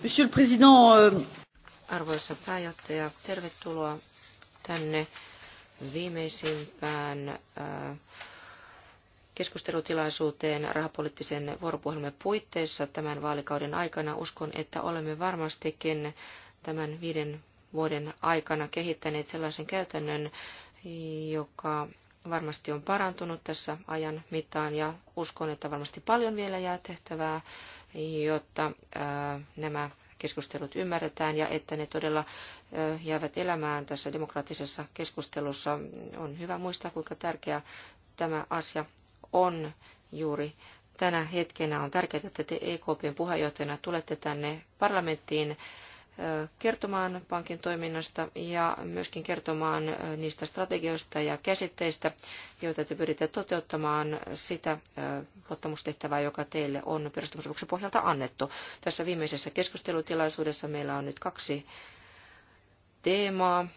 Monsieur le Président. Euh, Arvoisa pääjohtaja, tervetuloa tänne viimeisimpään äh, keskustelutilaisuuteen rahapoliittisen vuoropuhelumme puitteissa tämän vaalikauden aikana. Uskon, että olemme varmastikin tämän viiden vuoden aikana kehittäneet sellaisen käytännön, joka varmasti on parantunut tässä ajan mittaan ja uskon, että varmasti paljon vielä jää tehtävää jotta nämä keskustelut ymmärretään ja että ne todella jäävät elämään tässä demokraattisessa keskustelussa. On hyvä muistaa, kuinka tärkeä tämä asia on juuri tänä hetkenä. On tärkeää, että te EKPn puheenjohtajana tulette tänne parlamenttiin kertomaan pankin toiminnasta ja myöskin kertomaan niistä strategioista ja käsitteistä, joita te pyritte toteuttamaan sitä luottamustehtävää, joka teille on perustamusopuksen pohjalta annettu. Tässä viimeisessä keskustelutilaisuudessa meillä on nyt kaksi teemaa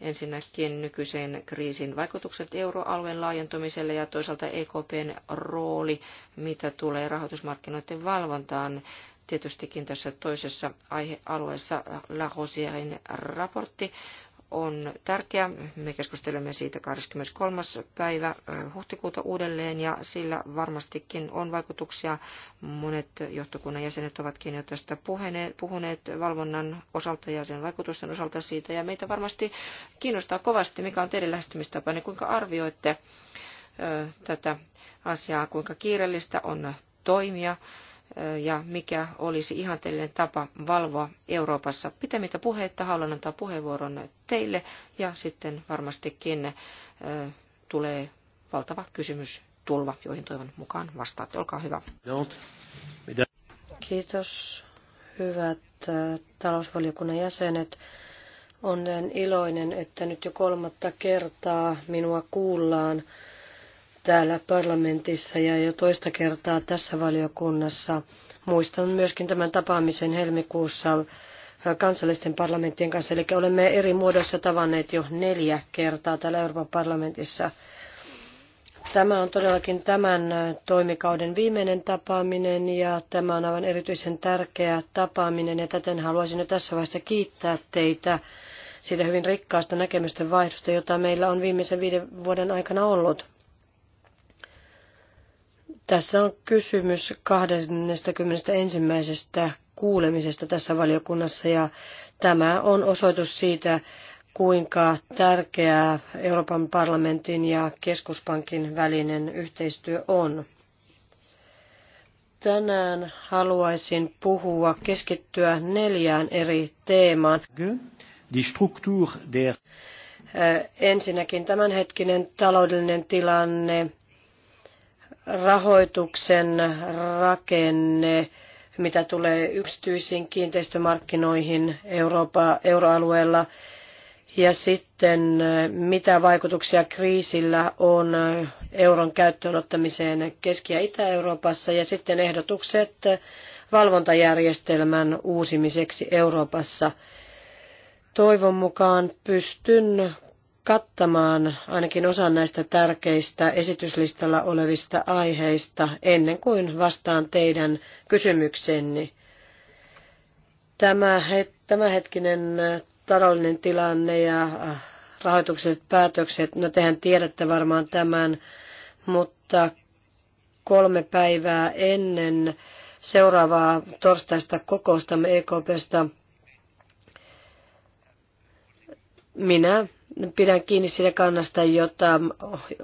Ensinnäkin nykyisen kriisin vaikutukset euroalueen laajentumiselle ja toisaalta EKPn rooli, mitä tulee rahoitusmarkkinoiden valvontaan. Tietystikin tässä toisessa aihealueessa La raportti on tärkeä. Me keskustelemme siitä 23. päivä huhtikuuta uudelleen ja sillä varmastikin on vaikutuksia. Monet johtokunnan jäsenet ovatkin jo tästä puhuneet valvonnan osalta ja sen vaikutusten osalta siitä. Ja meitä varmasti kiinnostaa kovasti, mikä on teidän lähestymistapa, niin kuinka arvioitte tätä asiaa, kuinka kiireellistä on toimia ja mikä olisi ihanteellinen tapa valvoa Euroopassa. Pitemmittä puheitta haluan antaa puheenvuoron teille ja sitten varmastikin tulee valtava kysymys tulva, joihin toivon mukaan vastaatte. Olkaa hyvä. Kiitos hyvät talousvaliokunnan jäsenet. Olen iloinen, että nyt jo kolmatta kertaa minua kuullaan täällä parlamentissa ja jo toista kertaa tässä valiokunnassa. Muistan myöskin tämän tapaamisen helmikuussa kansallisten parlamenttien kanssa, eli olemme eri muodoissa tavanneet jo neljä kertaa täällä Euroopan parlamentissa. Tämä on todellakin tämän toimikauden viimeinen tapaaminen ja tämä on aivan erityisen tärkeä tapaaminen ja täten haluaisin jo tässä vaiheessa kiittää teitä siitä hyvin rikkaasta näkemysten vaihdosta, jota meillä on viimeisen viiden vuoden aikana ollut. Tässä on kysymys 21. kuulemisesta tässä valiokunnassa ja tämä on osoitus siitä, kuinka tärkeää Euroopan parlamentin ja keskuspankin välinen yhteistyö on. Tänään haluaisin puhua, keskittyä neljään eri teemaan. Äh, ensinnäkin tämänhetkinen taloudellinen tilanne, rahoituksen rakenne, mitä tulee yksityisiin kiinteistömarkkinoihin Eurooppa, euroalueella, ja sitten mitä vaikutuksia kriisillä on euron käyttöönottamiseen Keski- ja Itä-Euroopassa, ja sitten ehdotukset valvontajärjestelmän uusimiseksi Euroopassa. Toivon mukaan pystyn kattamaan ainakin osan näistä tärkeistä esityslistalla olevista aiheista ennen kuin vastaan teidän kysymyksenne. Tämä, tämänhetkinen taloudellinen tilanne ja äh, rahoitukset, päätökset, no tehän tiedätte varmaan tämän, mutta kolme päivää ennen seuraavaa torstaista kokoustamme EKPstä minä Pidän kiinni siitä kannasta, jota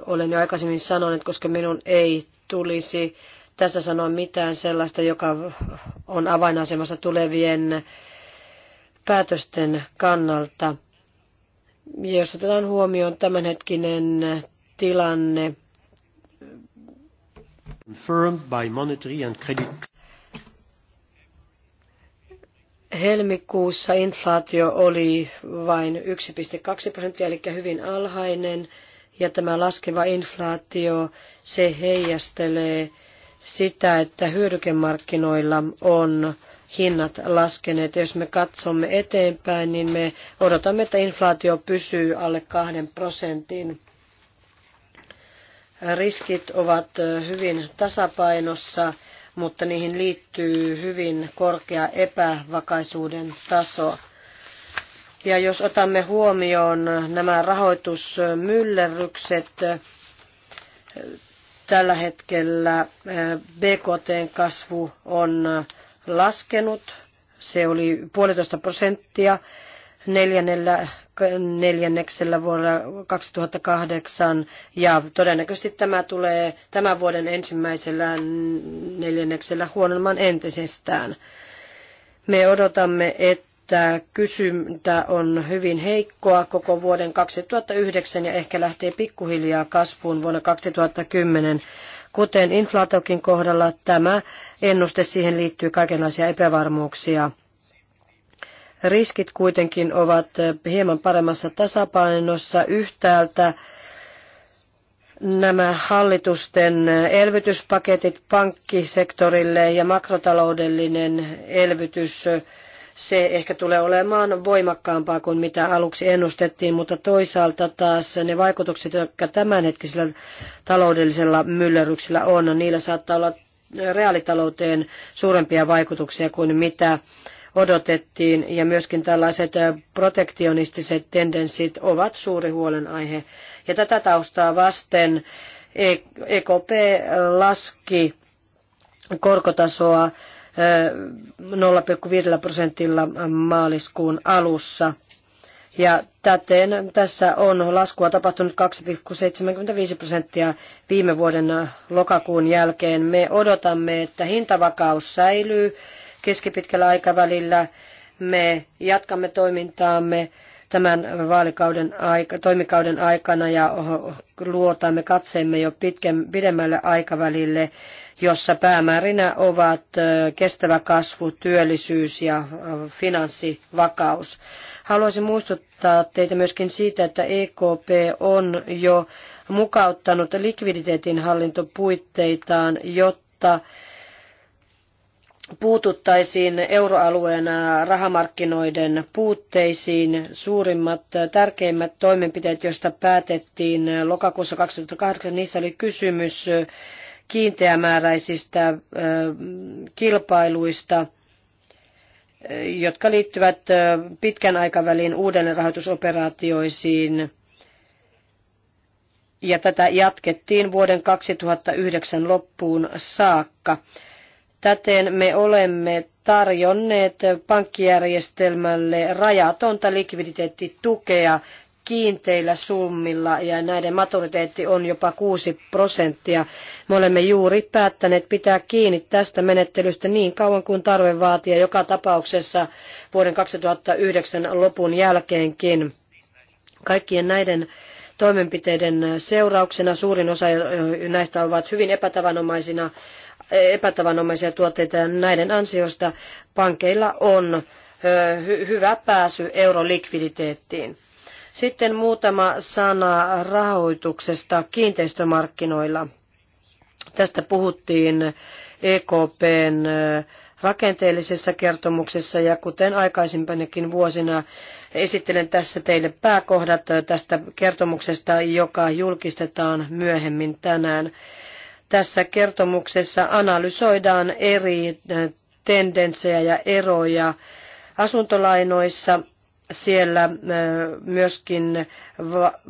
olen jo aikaisemmin sanonut, koska minun ei tulisi tässä sanoa mitään sellaista, joka on avainasemassa tulevien päätösten kannalta. Jos otetaan huomioon tämänhetkinen tilanne, Confirmed by monetary and credit Helmikuussa inflaatio oli vain 1,2 prosenttia, eli hyvin alhainen, ja tämä laskeva inflaatio, se heijastelee sitä, että hyödykemarkkinoilla on hinnat laskeneet. Jos me katsomme eteenpäin, niin me odotamme, että inflaatio pysyy alle kahden prosentin. Riskit ovat hyvin tasapainossa mutta niihin liittyy hyvin korkea epävakaisuuden taso. Ja jos otamme huomioon nämä rahoitusmyllerrykset, eh, tällä hetkellä eh, BKTn kasvu on laskenut. Se oli puolitoista prosenttia neljännellä, neljänneksellä vuonna 2008 ja todennäköisesti tämä tulee tämän vuoden ensimmäisellä neljänneksellä huonomman entisestään. Me odotamme, että kysyntä on hyvin heikkoa koko vuoden 2009 ja ehkä lähtee pikkuhiljaa kasvuun vuonna 2010. Kuten inflaatokin kohdalla, tämä ennuste siihen liittyy kaikenlaisia epävarmuuksia – Riskit kuitenkin ovat eh, hieman paremmassa tasapainossa yhtäältä. Nämä hallitusten elvytyspaketit pankkisektorille ja makrotaloudellinen elvytys se ehkä tulee olemaan voimakkaampaa kuin mitä aluksi ennustettiin, mutta toisaalta taas ne vaikutukset, jotka tämänhetkisellä taloudellisella myllerryksellä on, niillä saattaa olla reaalitalouteen suurempia vaikutuksia kuin mitä odotettiin ja myöskin tällaiset protektionistiset tendenssit ovat suuri huolenaihe. Ja tätä taustaa vasten EKP e laski korkotasoa 0,5 prosentilla maaliskuun alussa. Ja täten tässä on laskua tapahtunut 2,75 prosenttia viime vuoden lokakuun jälkeen. Me odotamme, että hintavakaus säilyy keskipitkällä aikavälillä me jatkamme toimintaamme tämän vaalikauden aika, toimikauden aikana ja luotamme katseemme jo pitkän, pidemmälle aikavälille, jossa päämäärinä ovat kestävä kasvu, työllisyys ja finanssivakaus. Haluaisin muistuttaa teitä myöskin siitä, että EKP on jo mukauttanut likviditeetin hallintopuitteitaan, jotta puututtaisiin euroalueen rahamarkkinoiden puutteisiin. Suurimmat, tärkeimmät toimenpiteet, joista päätettiin lokakuussa 2008, niissä oli kysymys kiinteämääräisistä kilpailuista, jotka liittyvät pitkän aikavälin rahoitusoperaatioisiin, Ja tätä jatkettiin vuoden 2009 loppuun saakka. Täten me olemme tarjonneet pankkijärjestelmälle rajatonta likviditeettitukea kiinteillä summilla ja näiden maturiteetti on jopa 6 prosenttia. Me olemme juuri päättäneet pitää kiinni tästä menettelystä niin kauan kuin tarve vaatii joka tapauksessa vuoden 2009 lopun jälkeenkin. Kaikkien näiden toimenpiteiden seurauksena suurin osa näistä ovat hyvin epätavanomaisina epätavanomaisia tuotteita ja näiden ansiosta pankeilla on hyvä pääsy eurolikviditeettiin. Sitten muutama sana rahoituksesta kiinteistömarkkinoilla. Tästä puhuttiin EKPn rakenteellisessa kertomuksessa ja kuten aikaisempinakin vuosina esittelen tässä teille pääkohdat tästä kertomuksesta, joka julkistetaan myöhemmin tänään. Tässä kertomuksessa analysoidaan eri äh, tendenssejä ja eroja asuntolainoissa. Siellä äh, myöskin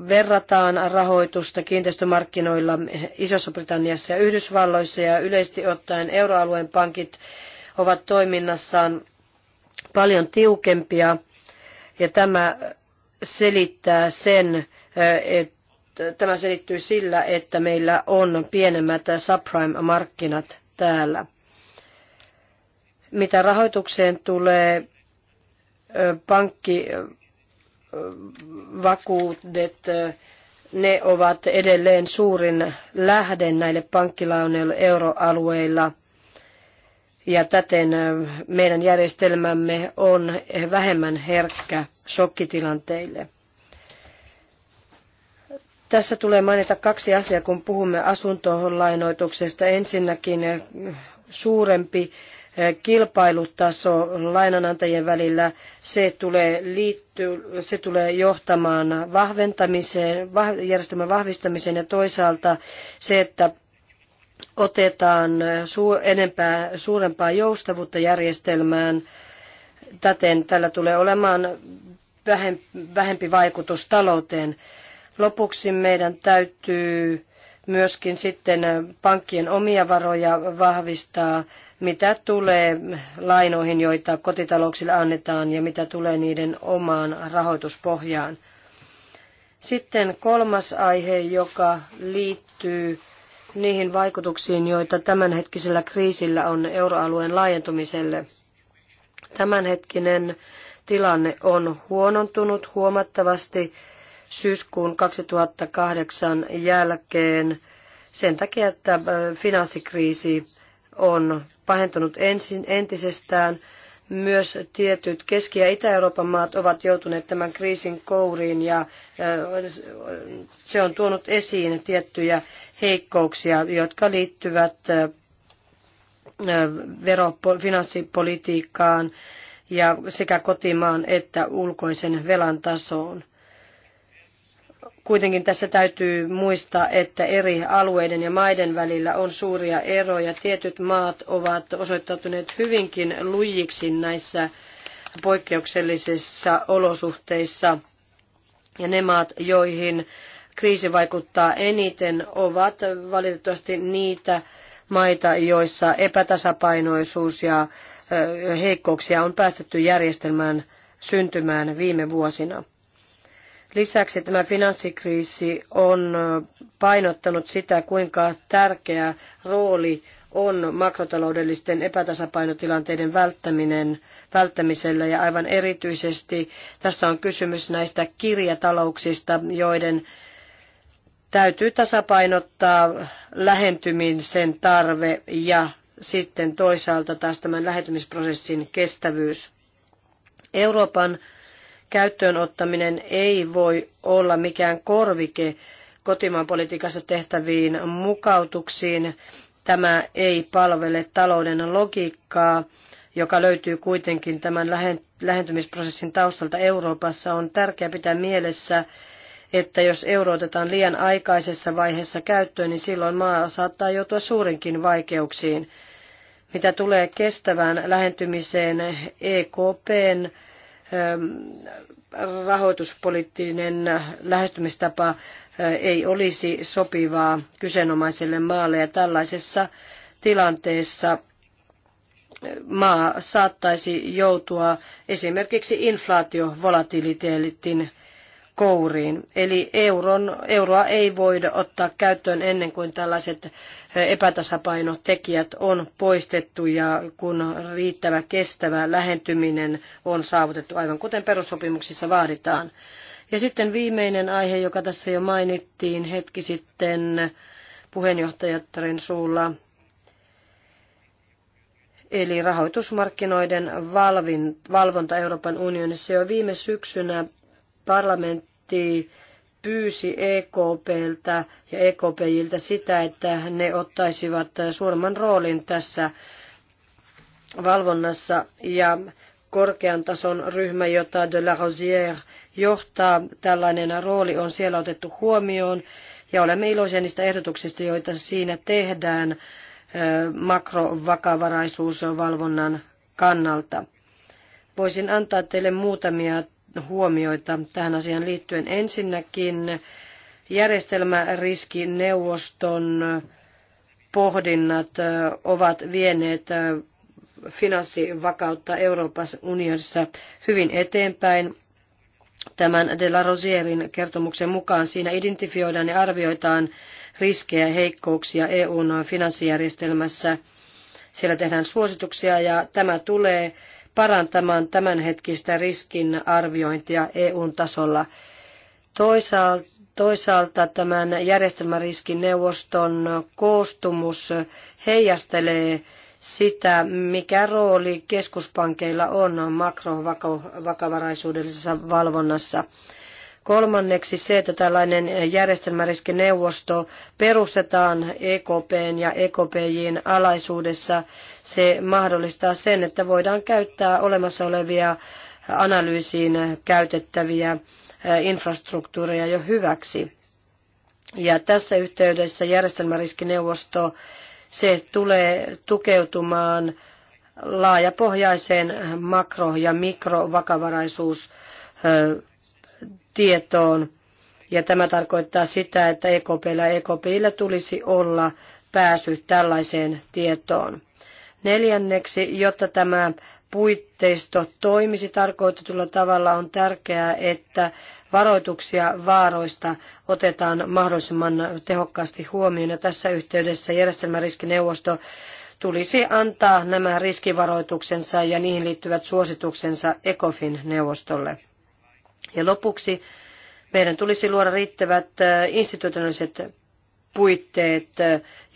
verrataan rahoitusta kiinteistömarkkinoilla Isossa Britanniassa ja Yhdysvalloissa ja yleisesti ottaen euroalueen pankit ovat toiminnassaan paljon tiukempia ja tämä selittää sen, äh, tämä selittyy sillä, että meillä on pienemmät subprime-markkinat täällä. Mitä rahoitukseen tulee, pankkivakuudet, ne ovat edelleen suurin lähde näille pankkilaunille euroalueilla. Ja täten meidän järjestelmämme on vähemmän herkkä shokkitilanteille. Tässä tulee mainita kaksi asiaa, kun puhumme asuntolainoituksesta. Ensinnäkin eh, suurempi eh, kilpailutaso lainanantajien välillä, se tulee, liitty, se tulee johtamaan vahventamiseen, järjestelmän vahvistamiseen ja toisaalta se, että otetaan eh, enempää, suurempaa joustavuutta järjestelmään. Täten tällä tulee olemaan vähempi vaikutus talouteen. Lopuksi meidän täytyy myöskin sitten pankkien omia varoja vahvistaa, mitä tulee lainoihin, joita kotitalouksille annetaan ja mitä tulee niiden omaan rahoituspohjaan. Sitten kolmas aihe, joka liittyy niihin vaikutuksiin, joita tämänhetkisellä kriisillä on euroalueen laajentumiselle. Tämänhetkinen tilanne on huonontunut huomattavasti syyskuun 2008 jälkeen sen takia, että äh, finanssikriisi on pahentunut ensin, entisestään. Myös tietyt Keski- ja Itä-Euroopan maat ovat joutuneet tämän kriisin kouriin ja äh, se on tuonut esiin tiettyjä heikkouksia, jotka liittyvät äh, vero, finanssipolitiikkaan ja sekä kotimaan että ulkoisen velan tasoon. Kuitenkin tässä täytyy muistaa, että eri alueiden ja maiden välillä on suuria eroja. Tietyt maat ovat osoittautuneet hyvinkin lujiksi näissä poikkeuksellisissa olosuhteissa. Ja ne maat, joihin kriisi vaikuttaa eniten, ovat valitettavasti niitä maita, joissa epätasapainoisuus ja heikkouksia on päästetty järjestelmään syntymään viime vuosina. Lisäksi tämä finanssikriisi on painottanut sitä, kuinka tärkeä rooli on makrotaloudellisten epätasapainotilanteiden välttäminen, välttämisellä ja aivan erityisesti tässä on kysymys näistä kirjatalouksista, joiden täytyy tasapainottaa lähentymisen tarve ja sitten toisaalta taas tämän lähentymisprosessin kestävyys. Euroopan Käyttöön ottaminen ei voi olla mikään korvike kotimaan politiikassa tehtäviin mukautuksiin. Tämä ei palvele talouden logiikkaa, joka löytyy kuitenkin tämän lähentymisprosessin taustalta Euroopassa. On tärkeää pitää mielessä, että jos euro otetaan liian aikaisessa vaiheessa käyttöön, niin silloin maa saattaa joutua suurinkin vaikeuksiin. Mitä tulee kestävään lähentymiseen, EKPn rahoituspoliittinen lähestymistapa ei olisi sopivaa kyseenomaiselle maalle ja tällaisessa tilanteessa maa saattaisi joutua esimerkiksi inflaatiovolatiliteetin kouriin. Eli euron, euroa ei voida ottaa käyttöön ennen kuin tällaiset epätasapainotekijät on poistettu ja kun riittävä kestävä lähentyminen on saavutettu, aivan kuten perussopimuksissa vaaditaan. Ja sitten viimeinen aihe, joka tässä jo mainittiin hetki sitten puheenjohtajattaren suulla, eli rahoitusmarkkinoiden valvonta Euroopan unionissa. Jo viime syksynä parlamentti pyysi EKPltä ja EKPjiltä sitä, että ne ottaisivat suuremman roolin tässä valvonnassa ja korkean tason ryhmä, jota de la Rosière johtaa, tällainen rooli on siellä otettu huomioon ja olemme iloisia niistä ehdotuksista, joita siinä tehdään makrovakavaraisuusvalvonnan kannalta. Voisin antaa teille muutamia huomioita tähän asiaan liittyen. Ensinnäkin järjestelmäriskineuvoston pohdinnat ovat vieneet finanssivakautta Euroopan unionissa hyvin eteenpäin. Tämän De La Rosierin kertomuksen mukaan siinä identifioidaan ja arvioitaan riskejä ja heikkouksia EUn finanssijärjestelmässä. Siellä tehdään suosituksia ja tämä tulee parantamaan tämänhetkistä riskinarviointia EUn tasolla. Toisaalta, toisaalta tämän järjestelmäriskineuvoston koostumus heijastelee sitä, mikä rooli keskuspankeilla on makrovakavaraisuudellisessa valvonnassa. Kolmanneksi se, että tällainen järjestelmäriskineuvosto perustetaan EKPn ja EKPJin alaisuudessa, se mahdollistaa sen, että voidaan käyttää olemassa olevia analyysiin käytettäviä eh, infrastruktuureja jo hyväksi. Ja tässä yhteydessä järjestelmäriskineuvosto se tulee tukeutumaan laajapohjaiseen makro- ja mikrovakavaraisuus eh, tietoon. Ja tämä tarkoittaa sitä, että EKPllä ja EKPillä tulisi olla pääsy tällaiseen tietoon. Neljänneksi, jotta tämä puitteisto toimisi tarkoitetulla tavalla, on tärkeää, että varoituksia vaaroista otetaan mahdollisimman tehokkaasti huomioon. Ja tässä yhteydessä järjestelmäriskineuvosto tulisi antaa nämä riskivaroituksensa ja niihin liittyvät suosituksensa ECOFIN-neuvostolle. Ja lopuksi meidän tulisi luoda riittävät institutionaaliset puitteet,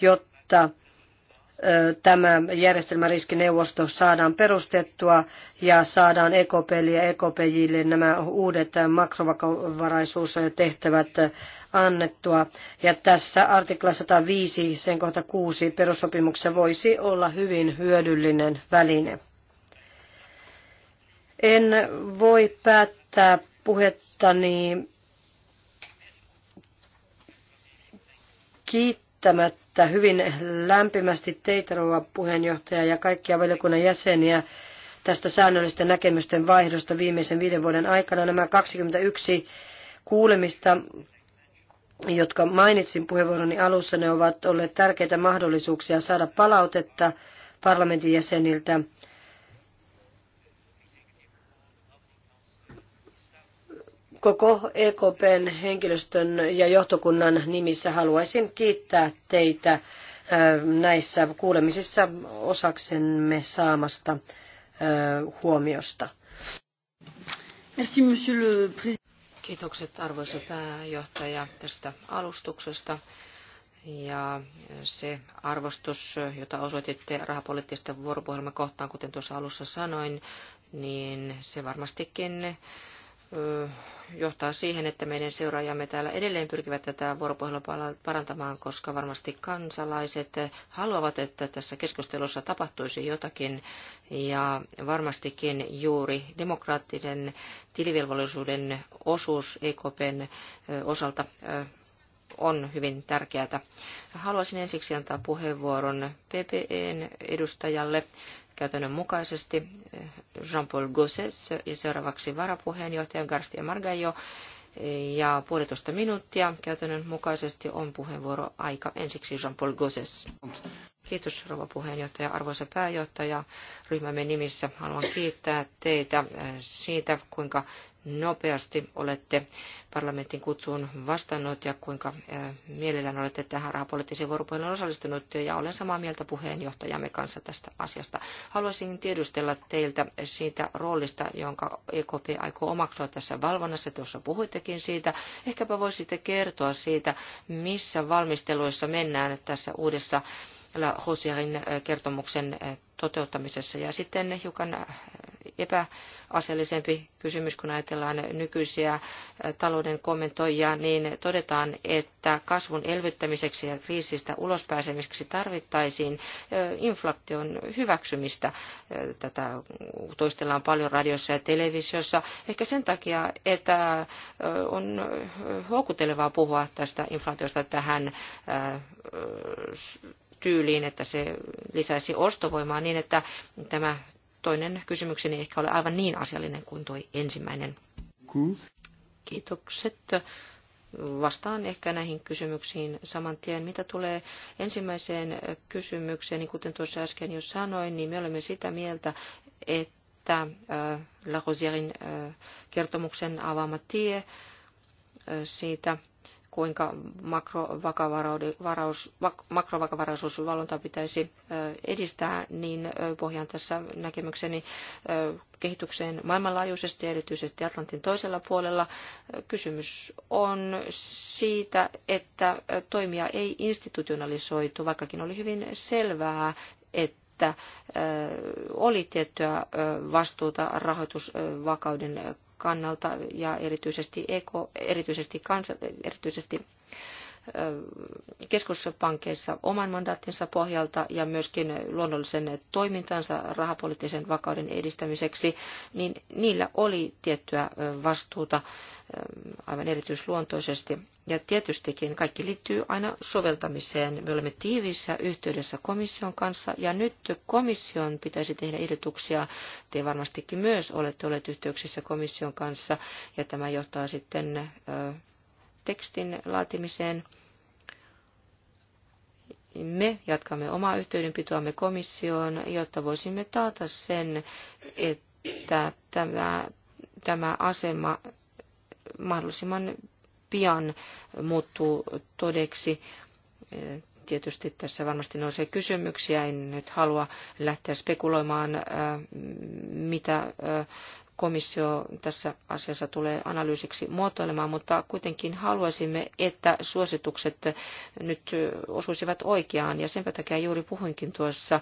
jotta tämä järjestelmäriskineuvosto saadaan perustettua ja saadaan EKPlle ja EKPJille nämä uudet makrovaraisuustehtävät annettua. Ja tässä artikla 105, sen kohta 6 perussopimuksessa voisi olla hyvin hyödyllinen väline. En voi päättää niin kiittämättä hyvin lämpimästi teitä, rouva puheenjohtaja, ja kaikkia valiokunnan jäseniä tästä säännöllisten näkemysten vaihdosta viimeisen viiden vuoden aikana. Nämä 21 kuulemista, jotka mainitsin puheenvuoroni alussa, ne ovat olleet tärkeitä mahdollisuuksia saada palautetta parlamentin jäseniltä – koko EKPn henkilöstön ja johtokunnan nimissä haluaisin kiittää teitä äh, näissä kuulemisissa osaksemme saamasta äh, huomiosta. Merci, monsieur le Kiitokset arvoisa pääjohtaja tästä alustuksesta. Ja se arvostus, jota osoititte rahapoliittista vuoropuhelmaa kohtaan, kuten tuossa alussa sanoin, niin se varmastikin johtaa siihen, että meidän seuraajamme täällä edelleen pyrkivät tätä vuoropuhelua parantamaan, koska varmasti kansalaiset haluavat, että tässä keskustelussa tapahtuisi jotakin. Ja varmastikin juuri demokraattinen tilivelvollisuuden osuus EKPn osalta on hyvin tärkeää. Haluaisin ensiksi antaa puheenvuoron PPEn edustajalle käytännön mukaisesti Jean-Paul Gosses ja seuraavaksi varapuheenjohtaja Garcia Margallo. Ja puolitoista minuuttia käytännön mukaisesti on puheenvuoro aika ensiksi Jean-Paul Gosses. Kiitos rouva puheenjohtaja, arvoisa pääjohtaja. Ryhmämme nimissä haluan kiittää teitä siitä, kuinka nopeasti olette parlamentin kutsuun vastannut ja kuinka äh, mielellään olette tähän rahapoliittiseen vuoropuheluun osallistunut ja olen samaa mieltä puheenjohtajamme kanssa tästä asiasta. Haluaisin tiedustella teiltä siitä roolista, jonka EKP aikoo omaksua tässä valvonnassa. Tuossa puhuittekin siitä. Ehkäpä voisitte kertoa siitä, missä valmisteluissa mennään tässä uudessa La Rosiarin äh, kertomuksen äh, toteuttamisessa. Ja sitten hiukan äh, epäasiallisempi kysymys, kun ajatellaan nykyisiä talouden kommentoijia, niin todetaan, että kasvun elvyttämiseksi ja kriisistä ulospääsemiseksi tarvittaisiin inflaation hyväksymistä. Tätä toistellaan paljon radiossa ja televisiossa. Ehkä sen takia, että on houkuttelevaa puhua tästä inflaatiosta tähän tyyliin, että se lisäisi ostovoimaa niin, että tämä toinen kysymykseni ei ehkä ole aivan niin asiallinen kuin tuo ensimmäinen. Kiitokset. Vastaan ehkä näihin kysymyksiin saman tien. Mitä tulee ensimmäiseen kysymykseen, niin kuten tuossa äsken jo sanoin, niin me olemme sitä mieltä, että äh, La Rosierin äh, kertomuksen avaama tie äh, siitä, kuinka makrovakavaraisuusvalvonta pitäisi edistää, niin pohjaan tässä näkemykseni kehitykseen maailmanlaajuisesti ja erityisesti Atlantin toisella puolella. Kysymys on siitä, että toimia ei institutionalisoitu, vaikkakin oli hyvin selvää, että että oli tiettyä vastuuta rahoitusvakauden kannalta ja erityisesti, eko, erityisesti, kansa, erityisesti keskuspankkeissa oman mandaattinsa pohjalta ja myöskin luonnollisen toimintansa rahapoliittisen vakauden edistämiseksi, niin niillä oli tiettyä vastuuta aivan erityisluontoisesti. Ja tietystikin kaikki liittyy aina soveltamiseen. Me olemme tiiviissä yhteydessä komission kanssa ja nyt komission pitäisi tehdä ehdotuksia. Te varmastikin myös olette olleet yhteyksissä komission kanssa ja tämä johtaa sitten tekstin laatimiseen. Me jatkamme omaa yhteydenpitoamme komissioon, jotta voisimme taata sen, että tämä, tämä asema mahdollisimman pian muuttuu todeksi tietysti tässä varmasti nousee kysymyksiä. En nyt halua lähteä spekuloimaan, mitä komissio tässä asiassa tulee analyysiksi muotoilemaan, mutta kuitenkin haluaisimme, että suositukset nyt osuisivat oikeaan. Ja sen takia juuri puhuinkin tuossa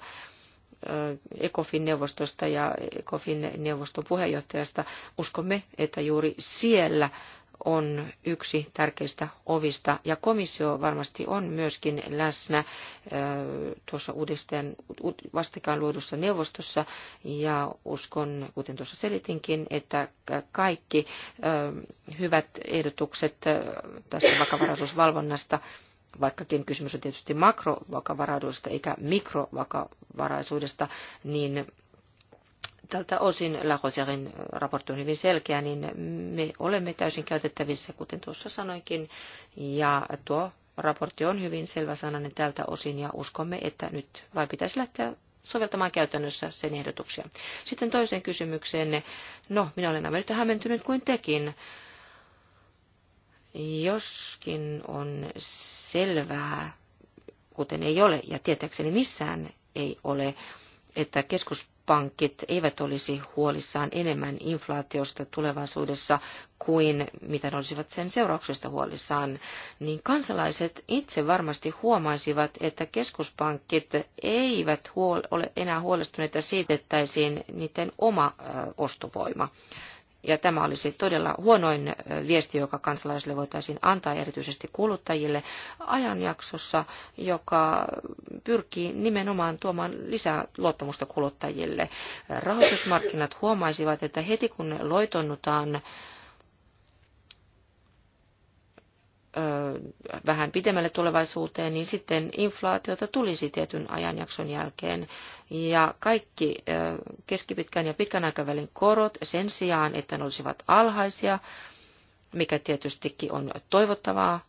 ECOFIN-neuvostosta ja ECOFIN-neuvoston puheenjohtajasta. Uskomme, että juuri siellä on yksi tärkeistä ovista. Ja komissio varmasti on myöskin läsnä tuossa uudestaan, vastikään luodussa neuvostossa. Ja uskon, kuten tuossa selitinkin, että kaikki hyvät ehdotukset tästä vakavaraisuusvalvonnasta vaikkakin kysymys on tietysti makrovakavaraisuudesta eikä mikrovakavaraisuudesta, niin tältä osin Lahoserin raportti on hyvin selkeä, niin me olemme täysin käytettävissä, kuten tuossa sanoinkin, ja tuo raportti on hyvin selväsanainen tältä osin, ja uskomme, että nyt vai pitäisi lähteä soveltamaan käytännössä sen ehdotuksia. Sitten toiseen kysymykseen, no minä olen aivan yhtä hämmentynyt kuin tekin. Joskin on selvää, kuten ei ole, ja tietääkseni missään ei ole, että keskus pankit eivät olisi huolissaan enemmän inflaatiosta tulevaisuudessa kuin mitä ne olisivat sen seurauksista huolissaan, niin kansalaiset itse varmasti huomaisivat, että keskuspankit eivät huol- ole enää huolestuneita siitä, että niiden oma ostovoima. Ja tämä olisi todella huonoin viesti, joka kansalaisille voitaisiin antaa, erityisesti kuluttajille, ajanjaksossa, joka pyrkii nimenomaan tuomaan lisää luottamusta kuluttajille. Rahoitusmarkkinat huomaisivat, että heti kun loitonnutaan vähän pidemmälle tulevaisuuteen, niin sitten inflaatiota tulisi tietyn ajanjakson jälkeen. Ja kaikki keskipitkän ja pitkän aikavälin korot sen sijaan, että ne olisivat alhaisia, mikä tietystikin on toivottavaa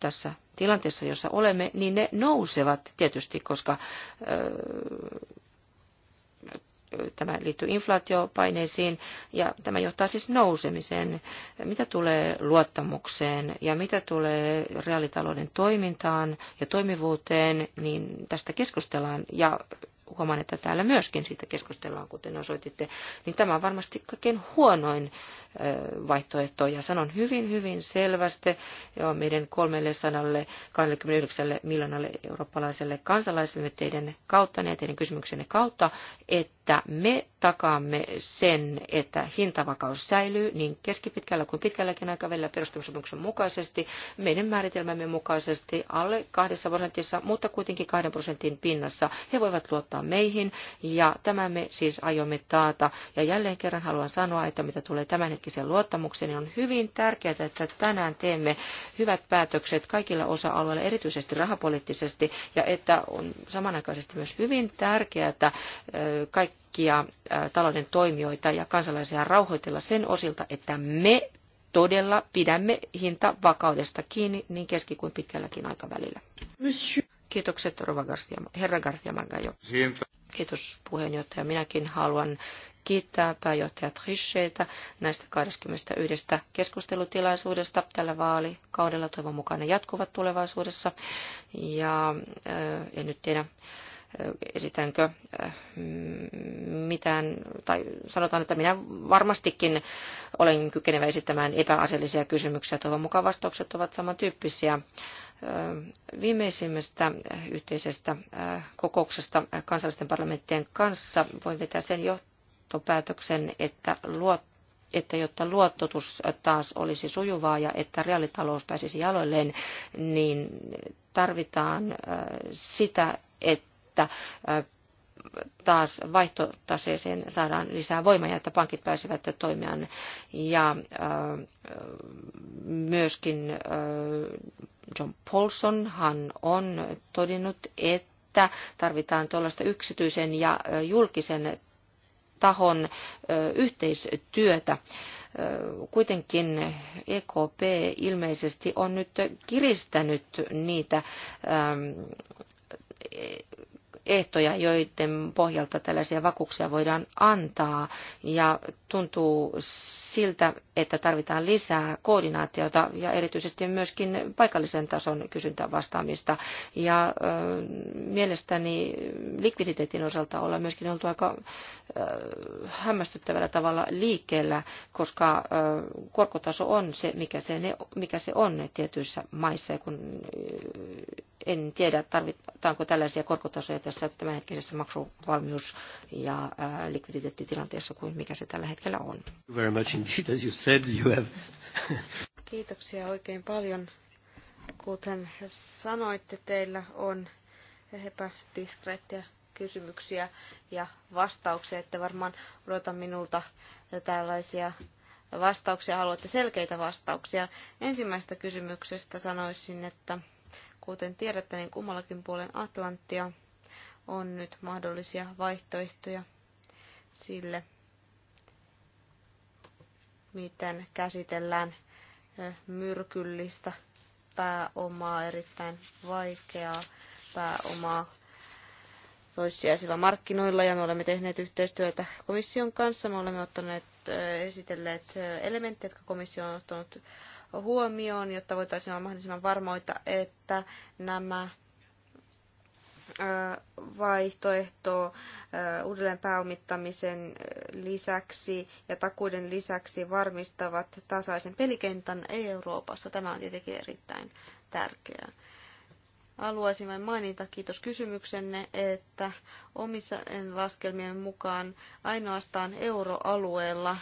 tässä tilanteessa, jossa olemme, niin ne nousevat tietysti, koska Tämä liittyy inflaatiopaineisiin ja tämä johtaa siis nousemiseen. Mitä tulee luottamukseen ja mitä tulee reaalitalouden toimintaan ja toimivuuteen, niin tästä keskustellaan ja huomaan, että täällä myöskin siitä keskustellaan, kuten osoititte, niin tämä on varmasti kaikkein huonoin vaihtoehto. Ja sanon hyvin, hyvin selvästi jo meidän 329 miljoonalle eurooppalaiselle kansalaiselle teidän kautta ja teidän kysymyksenne kautta, että että me takaamme sen, että hintavakaus säilyy niin keskipitkällä kuin pitkälläkin aikavälillä perustamisopimuksen mukaisesti, meidän määritelmämme mukaisesti alle kahdessa prosentissa, mutta kuitenkin kahden prosentin pinnassa. He voivat luottaa meihin ja tämä me siis aiomme taata. Ja jälleen kerran haluan sanoa, että mitä tulee tämänhetkiseen luottamukseen, niin on hyvin tärkeää, että tänään teemme hyvät päätökset kaikilla osa-alueilla, erityisesti rahapoliittisesti, ja että on samanaikaisesti myös hyvin tärkeää, että kaikki kaikkia talouden toimijoita ja kansalaisia rauhoitella sen osilta, että me todella pidämme hinta vakaudesta kiinni niin keski- kuin pitkälläkin aikavälillä. Kiitokset Garcia, herra Garcia Margallo. Kiitos puheenjohtaja. Minäkin haluan kiittää pääjohtaja Trichetä näistä 21 keskustelutilaisuudesta tällä vaalikaudella. Toivon mukaan ne jatkuvat tulevaisuudessa. Ja äh, en nyt tiedä, esitänkö äh, mitään, tai sanotaan, että minä varmastikin olen kykenevä esittämään epäasiallisia kysymyksiä. Toivon mukaan vastaukset ovat samantyyppisiä. Äh, viimeisimmästä yhteisestä äh, kokouksesta kansallisten parlamenttien kanssa voin vetää sen johtopäätöksen, että luot että jotta luottotus taas olisi sujuvaa ja että reaalitalous pääsisi jaloilleen, niin tarvitaan sitä, että että äh, taas vaihtotaseeseen saadaan lisää voimaa ja että pankit pääsevät toimimaan ja äh, myöskin äh, John Paulson hän on todennut, että tarvitaan tuollaista yksityisen ja julkisen tahon yhteistyötä. Kuitenkin EKP ilmeisesti on nyt kiristänyt niitä ähm, ehtoja, joiden pohjalta tällaisia vakuuksia voidaan antaa. Ja tuntuu siltä, että tarvitaan lisää koordinaatiota ja erityisesti myöskin paikallisen tason kysyntää vastaamista. Ja äh, mielestäni likviditeetin osalta ollaan myöskin oltu aika hämmästyttävällä tavalla liikkeellä, koska äh, korkotaso on se, mikä se, ne, mikä se on tietyissä maissa. Ja kun en tiedä, tarvitaanko tällaisia korkotasoja tässä tämänhetkisessä maksuvalmius- ja äh, likviditeettitilanteessa kuin mikä se tällä hetkellä on. Very much indeed, as you said, you have... Kiitoksia oikein paljon. Kuten sanoitte, teillä on epädiskreettiä kysymyksiä ja vastauksia. että varmaan odota minulta tällaisia vastauksia, haluatte selkeitä vastauksia. Ensimmäisestä kysymyksestä sanoisin, että Kuten tiedätte, niin kummallakin puolen Atlanttia on nyt mahdollisia vaihtoehtoja sille, miten käsitellään myrkyllistä pääomaa, erittäin vaikeaa pääomaa toissijaisilla markkinoilla ja me olemme tehneet yhteistyötä komission kanssa. Me olemme ottaneet, esitelleet elementtejä, jotka komissio on ottanut huomioon, jotta voitaisiin olla mahdollisimman varmoita, että nämä vaihtoehto uudelleen pääomittamisen lisäksi ja takuiden lisäksi varmistavat tasaisen pelikentän Euroopassa. Tämä on tietenkin erittäin tärkeää. Haluaisin vain mainita, kiitos kysymyksenne, että omissa laskelmien mukaan ainoastaan euroalueella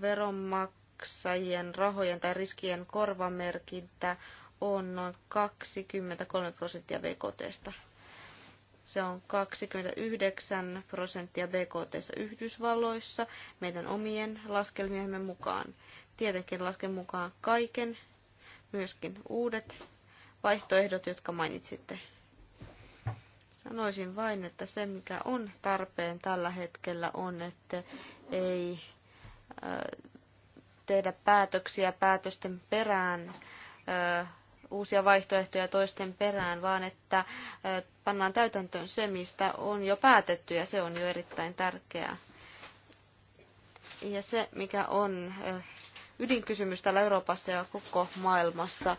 veronmaksajien rahojen tai riskien korvamerkintä on noin 23 prosenttia BKTstä. Se on 29 prosenttia BKT Yhdysvalloissa meidän omien laskelmiemme mukaan. Tietenkin lasken mukaan kaiken, myöskin uudet vaihtoehdot, jotka mainitsitte. Sanoisin vain, että se mikä on tarpeen tällä hetkellä on, että ei tehdä päätöksiä päätösten perään, uusia vaihtoehtoja toisten perään, vaan että pannaan täytäntöön se, mistä on jo päätetty, ja se on jo erittäin tärkeää. Ja se, mikä on ydinkysymys täällä Euroopassa ja koko maailmassa,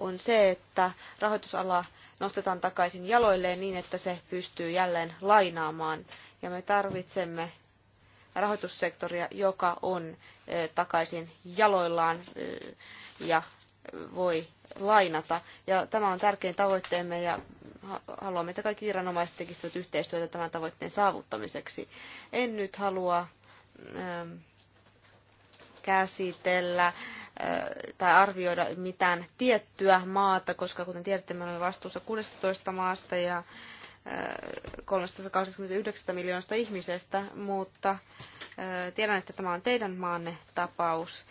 on se, että rahoitusala nostetaan takaisin jaloilleen niin, että se pystyy jälleen lainaamaan. Ja me tarvitsemme rahoitussektoria, joka on takaisin jaloillaan ja voi lainata. Ja tämä on tärkein tavoitteemme ja haluamme, että kaikki viranomaiset tekisivät yhteistyötä tämän tavoitteen saavuttamiseksi. En nyt halua käsitellä tai arvioida mitään tiettyä maata, koska kuten tiedätte, me olemme vastuussa 16 maasta ja 389 miljoonasta ihmisestä, mutta tiedän, että tämä on teidän maanne tapaus.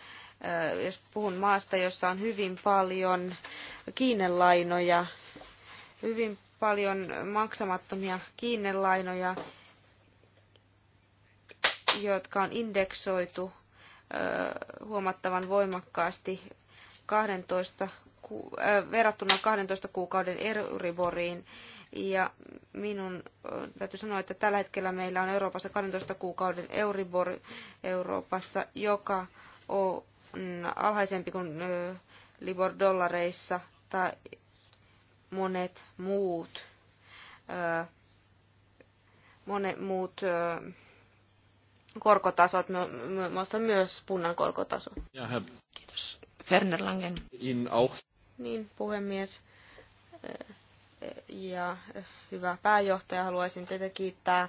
Jos puhun maasta, jossa on hyvin paljon kiinnelainoja, hyvin paljon maksamattomia kiinnelainoja, jotka on indeksoitu huomattavan voimakkaasti 12, verrattuna 12 kuukauden Euriboriin ja minun täytyy sanoa, että tällä hetkellä meillä on Euroopassa 12 kuukauden Euribor Euroopassa, joka on alhaisempi kuin Libor dollareissa tai monet muut, monet muut korkotasot, muassa myös punnan korkotaso. Kiitos. Ferner Langen. Niin, puhemies ja hyvä pääjohtaja, haluaisin teitä kiittää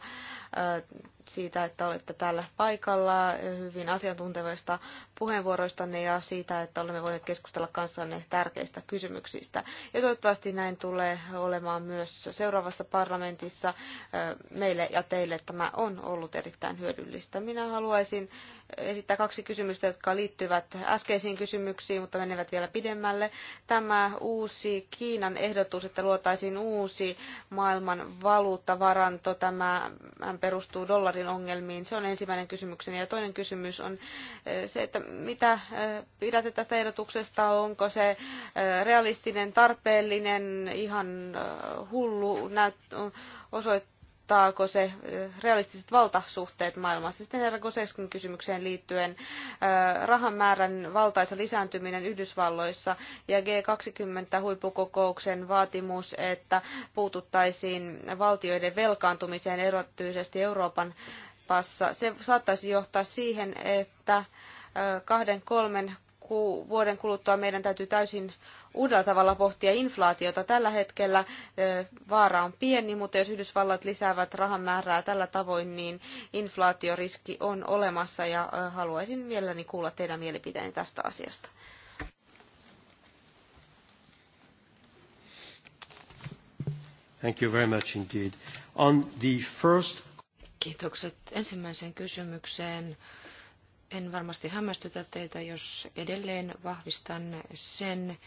siitä, että olette täällä paikalla, hyvin asiantuntevista puheenvuoroistanne ja siitä, että olemme voineet keskustella kanssanne tärkeistä kysymyksistä. Ja toivottavasti näin tulee olemaan myös seuraavassa parlamentissa. Eh, meille ja teille tämä on ollut erittäin hyödyllistä. Minä haluaisin esittää kaksi kysymystä, jotka liittyvät äskeisiin kysymyksiin, mutta menevät vielä pidemmälle. Tämä uusi Kiinan ehdotus, että luotaisiin uusi maailman valuuttavaranto, tämä perustuu dollariin. Unkarin ongelmiin? Se on ensimmäinen kysymykseni. Ja toinen kysymys on se, että mitä pidätte tästä ehdotuksesta? Onko se realistinen, tarpeellinen, ihan hullu, osoittaa? vaikuttaako se realistiset valtasuhteet maailmassa? Sitten herra Koseskin kysymykseen liittyen rahan määrän valtaisa lisääntyminen Yhdysvalloissa ja G20-huippukokouksen vaatimus, että puututtaisiin valtioiden velkaantumiseen erityisesti Euroopan passa. Se saattaisi johtaa siihen, että kahden, kolmen vuoden kuluttua meidän täytyy täysin uudella tavalla pohtia inflaatiota. Tällä hetkellä vaara on pieni, mutta jos Yhdysvallat lisäävät rahan määrää tällä tavoin, niin inflaatioriski on olemassa ja haluaisin mielelläni kuulla teidän mielipiteeni tästä asiasta. Thank you very much indeed. On the first... Kiitokset ensimmäiseen kysymykseen. En varmasti hämmästytä teitä, jos edelleen vahvistan sen,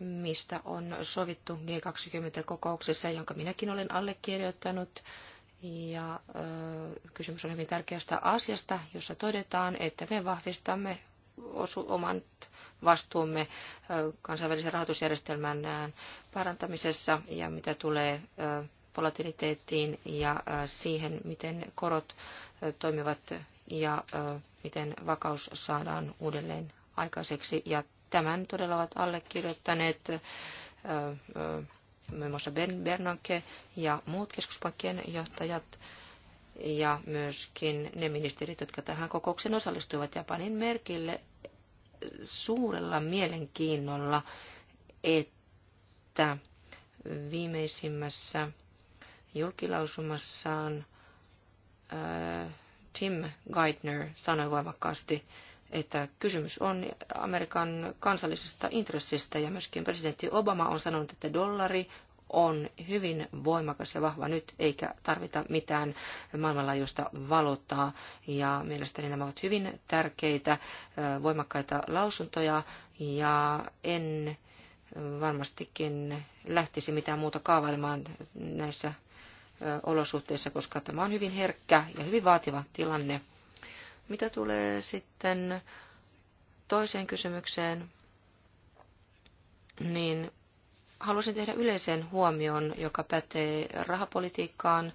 mistä on sovittu G20-kokouksessa, jonka minäkin olen allekirjoittanut. Ja ö, kysymys on hyvin tärkeästä asiasta, jossa todetaan, että me vahvistamme osu- oman vastuumme kansainvälisen rahoitusjärjestelmän parantamisessa ja mitä tulee volatiliteettiin ja siihen, miten korot toimivat ja miten vakaus saadaan uudelleen aikaiseksi. Ja Tämän todella ovat allekirjoittaneet muun muassa Bernanke ja muut keskuspankkien johtajat ja myöskin ne ministerit, jotka tähän kokoukseen osallistuivat ja panin merkille suurella mielenkiinnolla, että viimeisimmässä julkilausumassaan ää, Tim Geithner sanoi voimakkaasti, että kysymys on Amerikan kansallisesta intressistä ja myöskin presidentti Obama on sanonut, että dollari on hyvin voimakas ja vahva nyt, eikä tarvita mitään maailmanlaajuista valottaa. Ja mielestäni nämä ovat hyvin tärkeitä, voimakkaita lausuntoja, ja en varmastikin lähtisi mitään muuta kaavailemaan näissä olosuhteissa, koska tämä on hyvin herkkä ja hyvin vaativa tilanne. Mitä tulee sitten toiseen kysymykseen, niin haluaisin tehdä yleisen huomion, joka pätee rahapolitiikkaan,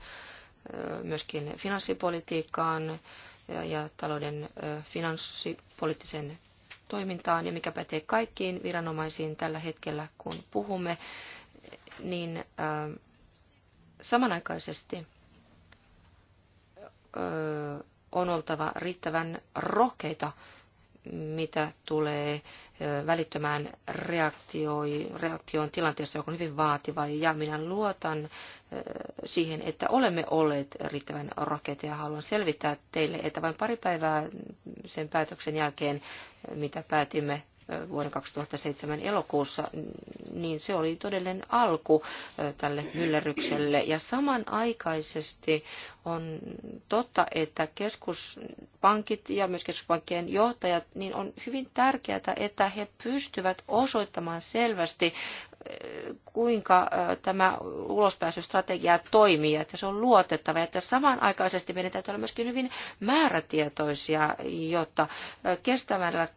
myöskin finanssipolitiikkaan ja talouden finanssipoliittiseen toimintaan ja mikä pätee kaikkiin viranomaisiin tällä hetkellä, kun puhumme, niin samanaikaisesti on oltava riittävän rohkeita, mitä tulee välittömään reaktioon tilanteessa, joka on hyvin vaativa. Ja minä luotan siihen, että olemme olleet riittävän rohkeita ja haluan selvittää teille, että vain pari päivää sen päätöksen jälkeen, mitä päätimme vuoden 2007 elokuussa, niin se oli todellinen alku tälle myllerrykselle. Ja samanaikaisesti on totta, että keskuspankit ja myös keskuspankkien johtajat, niin on hyvin tärkeää, että he pystyvät osoittamaan selvästi, kuinka tämä ulospääsystrategia toimii, että se on luotettava. Että samanaikaisesti meidän täytyy olla myöskin hyvin määrätietoisia, jotta kestävällä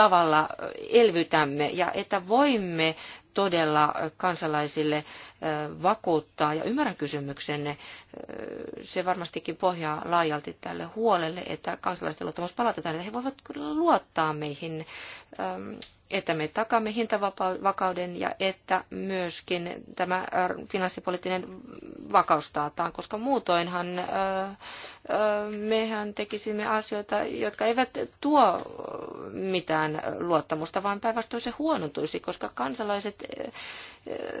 tavalla elvytämme ja että voimme todella kansalaisille vakuuttaa. Ja ymmärrän kysymyksenne, se varmastikin pohjaa laajalti tälle huolelle, että kansalaisten luottamus palautetaan, että he voivat kyllä luottaa meihin että me takamme hintavakauden ja että myöskin tämä finanssipoliittinen vakaus taataan, koska muutoinhan mehän tekisimme asioita, jotka eivät tuo mitään luottamusta, vaan päinvastoin se huonontuisi, koska kansalaiset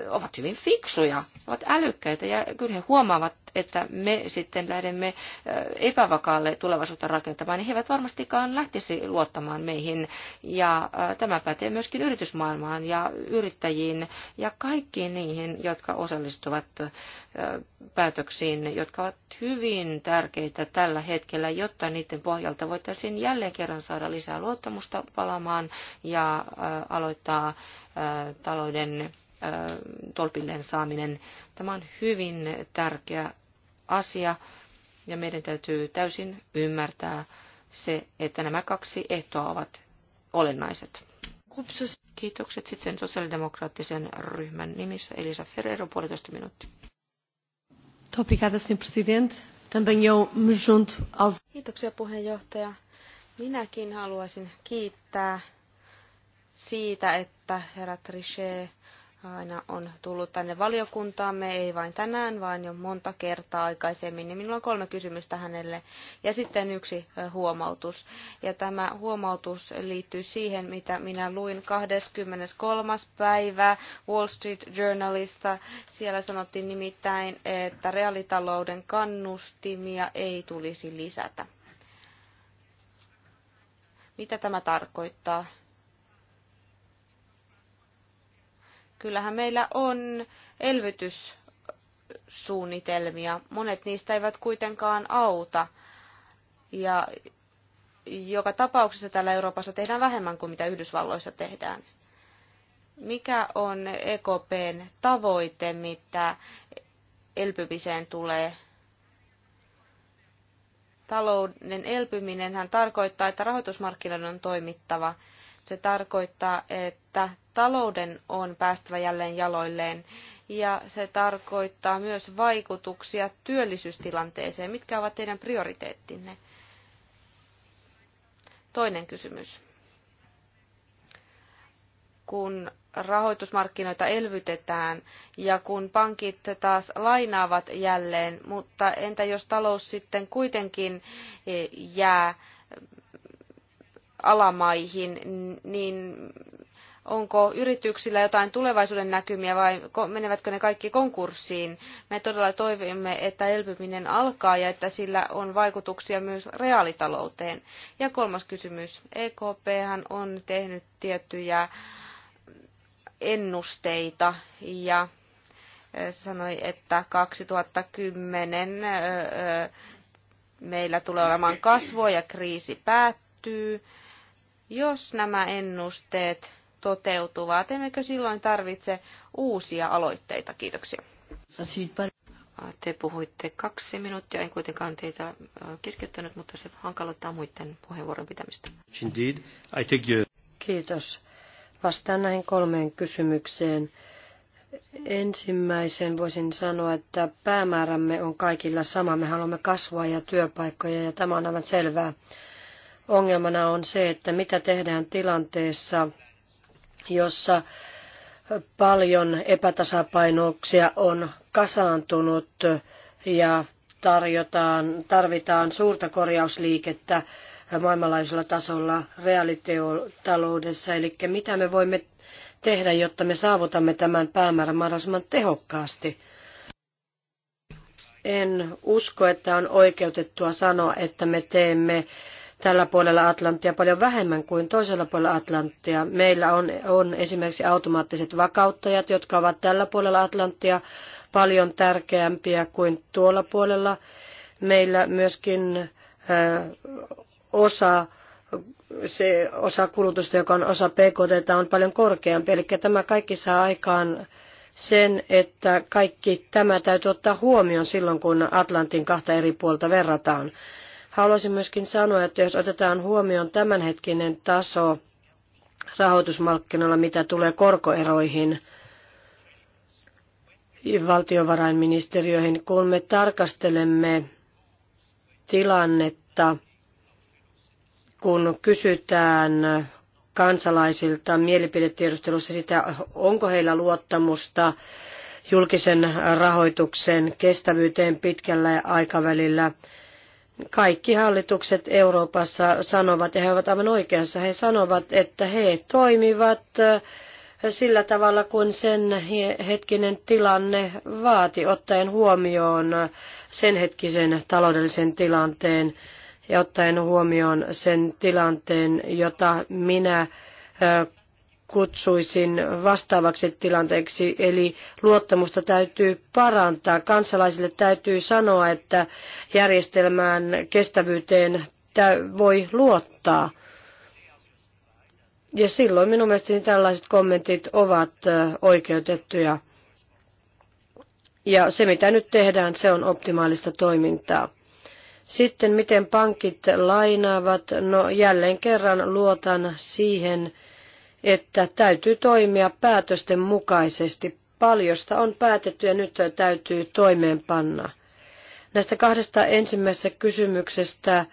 ovat hyvin fiksuja, ovat älykkäitä ja kyllä he huomaavat, että me sitten lähdemme epävakaalle tulevaisuutta rakentamaan, niin he eivät varmastikaan lähtisi luottamaan meihin ja tämä pätee pätee myöskin yritysmaailmaan ja yrittäjiin ja kaikkiin niihin, jotka osallistuvat päätöksiin, jotka ovat hyvin tärkeitä tällä hetkellä, jotta niiden pohjalta voitaisiin jälleen kerran saada lisää luottamusta palaamaan ja aloittaa talouden tolpilleen saaminen. Tämä on hyvin tärkeä asia ja meidän täytyy täysin ymmärtää se, että nämä kaksi ehtoa ovat olennaiset. Kiitokset sitten sosiaalidemokraattisen ryhmän nimissä Elisa Ferrero, puolitoista minuuttia. me Kiitoksia puheenjohtaja. Minäkin haluaisin kiittää siitä, että herra Trichet aina on tullut tänne valiokuntaamme, ei vain tänään, vaan jo monta kertaa aikaisemmin, niin minulla on kolme kysymystä hänelle ja sitten yksi huomautus. Ja tämä huomautus liittyy siihen, mitä minä luin 23. päivä Wall Street Journalista. Siellä sanottiin nimittäin, että reaalitalouden kannustimia ei tulisi lisätä. Mitä tämä tarkoittaa? Kyllähän meillä on elvytyssuunnitelmia. Monet niistä eivät kuitenkaan auta. Ja joka tapauksessa täällä Euroopassa tehdään vähemmän kuin mitä Yhdysvalloissa tehdään. Mikä on EKPn tavoite, mitä elpymiseen tulee? Talouden elpyminen hän tarkoittaa, että rahoitusmarkkinoiden on toimittava. Se tarkoittaa, että talouden on päästävä jälleen jaloilleen ja se tarkoittaa myös vaikutuksia työllisyystilanteeseen. Mitkä ovat teidän prioriteettinne? Toinen kysymys. Kun rahoitusmarkkinoita elvytetään ja kun pankit taas lainaavat jälleen, mutta entä jos talous sitten kuitenkin e, jää mm, alamaihin, niin onko yrityksillä jotain tulevaisuuden näkymiä vai menevätkö ne kaikki konkurssiin. Me todella toivomme, että elpyminen alkaa ja että sillä on vaikutuksia myös reaalitalouteen. Ja kolmas kysymys. EKP on tehnyt tiettyjä ennusteita ja sanoi, että 2010 meillä tulee olemaan kasvua ja kriisi päättyy. Jos nämä ennusteet toteutuvat, emmekö silloin tarvitse uusia aloitteita? Kiitoksia. Te puhuitte kaksi minuuttia, en kuitenkaan teitä keskeyttänyt, mutta se hankaloittaa muiden puheenvuoron pitämistä. Indeed. I take you. Kiitos. Vastaan näihin kolmeen kysymykseen. Ensimmäisen voisin sanoa, että päämäärämme on kaikilla sama. Me haluamme kasvua ja työpaikkoja ja tämä on aivan selvää. Ongelmana on se, että mitä tehdään tilanteessa, jossa paljon epätasapainouksia on kasaantunut ja tarjotaan, tarvitaan suurta korjausliikettä maailmanlaajuisella tasolla reaalitaloudessa. Eli mitä me voimme tehdä, jotta me saavutamme tämän päämäärän mahdollisimman tehokkaasti? En usko, että on oikeutettua sanoa, että me teemme tällä puolella Atlanttia paljon vähemmän kuin toisella puolella Atlanttia. Meillä on, on esimerkiksi automaattiset vakauttajat, jotka ovat tällä puolella Atlanttia paljon tärkeämpiä kuin tuolla puolella. Meillä myöskin ö, osa se osa kulutusta, joka on osa PKT, on paljon korkeampi. Eli tämä kaikki saa aikaan sen, että kaikki tämä täytyy ottaa huomioon silloin, kun Atlantin kahta eri puolta verrataan. Haluaisin myöskin sanoa, että jos otetaan huomioon tämänhetkinen taso rahoitusmarkkinoilla, mitä tulee korkoeroihin, valtiovarainministeriöihin, kun me tarkastelemme tilannetta, kun kysytään kansalaisilta mielipidetiedustelussa sitä, onko heillä luottamusta julkisen rahoituksen kestävyyteen pitkällä aikavälillä kaikki hallitukset Euroopassa sanovat, ja he ovat aivan oikeassa, he sanovat, että he toimivat eh, sillä tavalla, kun sen hetkinen tilanne vaati, ottaen huomioon sen hetkisen taloudellisen tilanteen ja ottaen huomioon sen tilanteen, jota minä eh, kutsuisin vastaavaksi tilanteeksi, eli luottamusta täytyy parantaa. Kansalaisille täytyy sanoa, että järjestelmään kestävyyteen voi luottaa. Ja silloin minun mielestäni tällaiset kommentit ovat oikeutettuja. Ja se, mitä nyt tehdään, se on optimaalista toimintaa. Sitten miten pankit lainaavat, no jälleen kerran luotan siihen, että täytyy toimia päätösten mukaisesti. Paljosta on päätetty ja nyt täytyy toimeenpanna. Näistä kahdesta ensimmäisestä kysymyksestä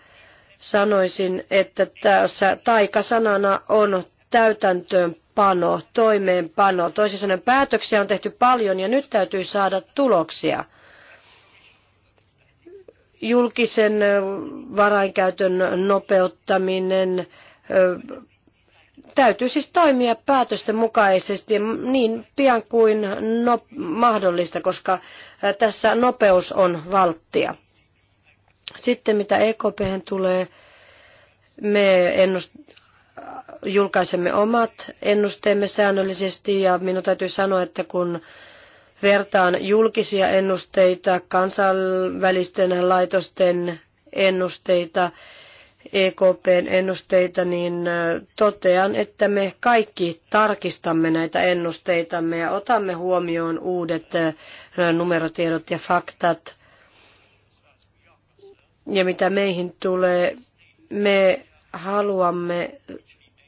sanoisin, että tässä taikasanana on täytäntöönpano, toimeenpano. Toisin sanoen päätöksiä on tehty paljon ja nyt täytyy saada tuloksia. Julkisen varainkäytön nopeuttaminen, Täytyy siis toimia päätösten mukaisesti niin pian kuin no, mahdollista, koska tässä nopeus on valttia. Sitten mitä EKPhen tulee, me ennust- julkaisemme omat ennusteemme säännöllisesti ja minun täytyy sanoa, että kun vertaan julkisia ennusteita, kansainvälisten laitosten ennusteita, EKPn ennusteita, niin totean, että me kaikki tarkistamme näitä ennusteitamme ja otamme huomioon uudet numerotiedot ja faktat. Ja mitä meihin tulee, me haluamme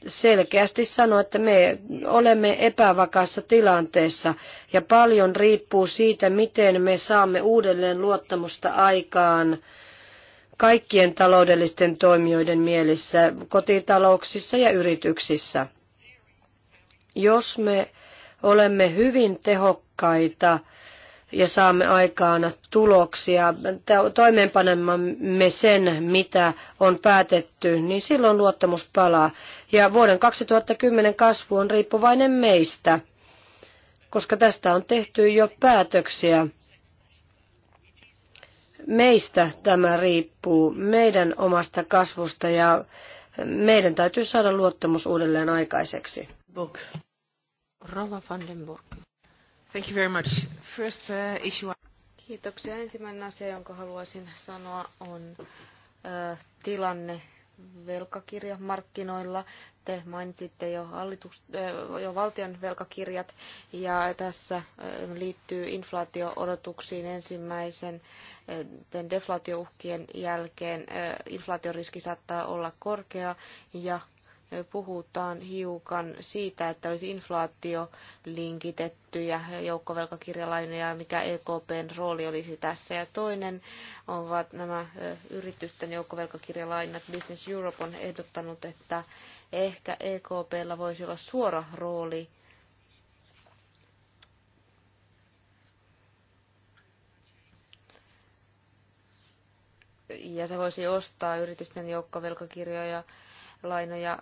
selkeästi sanoa, että me olemme epävakaassa tilanteessa ja paljon riippuu siitä, miten me saamme uudelleen luottamusta aikaan kaikkien taloudellisten toimijoiden mielissä, kotitalouksissa ja yrityksissä. Jos me olemme hyvin tehokkaita ja saamme aikaan tuloksia, toimeenpanemme sen, mitä on päätetty, niin silloin luottamus palaa. Ja vuoden 2010 kasvu on riippuvainen meistä, koska tästä on tehty jo päätöksiä meistä tämä riippuu, meidän omasta kasvusta ja meidän täytyy saada luottamus uudelleen aikaiseksi. Book. Rova van den Burg. Thank you very much. First uh, issue... Kiitoksia. Ensimmäinen asia, jonka haluaisin sanoa, on uh, tilanne velkakirjamarkkinoilla. Te mainitsitte jo, hallitus, äh, jo valtion velkakirjat ja tässä äh, liittyy inflaatio-odotuksiin ensimmäisen äh, deflaatiouhkien jälkeen. Inflaatioriski saattaa olla korkea ja puhutaan hiukan siitä, että olisi inflaatio linkitettyjä joukkovelkakirjalainoja, mikä EKPn rooli olisi tässä. Ja toinen ovat nämä yritysten joukkovelkakirjalainat. Business Europe on ehdottanut, että ehkä EKPllä voisi olla suora rooli ja se voisi ostaa yritysten joukkovelkakirjoja lainoja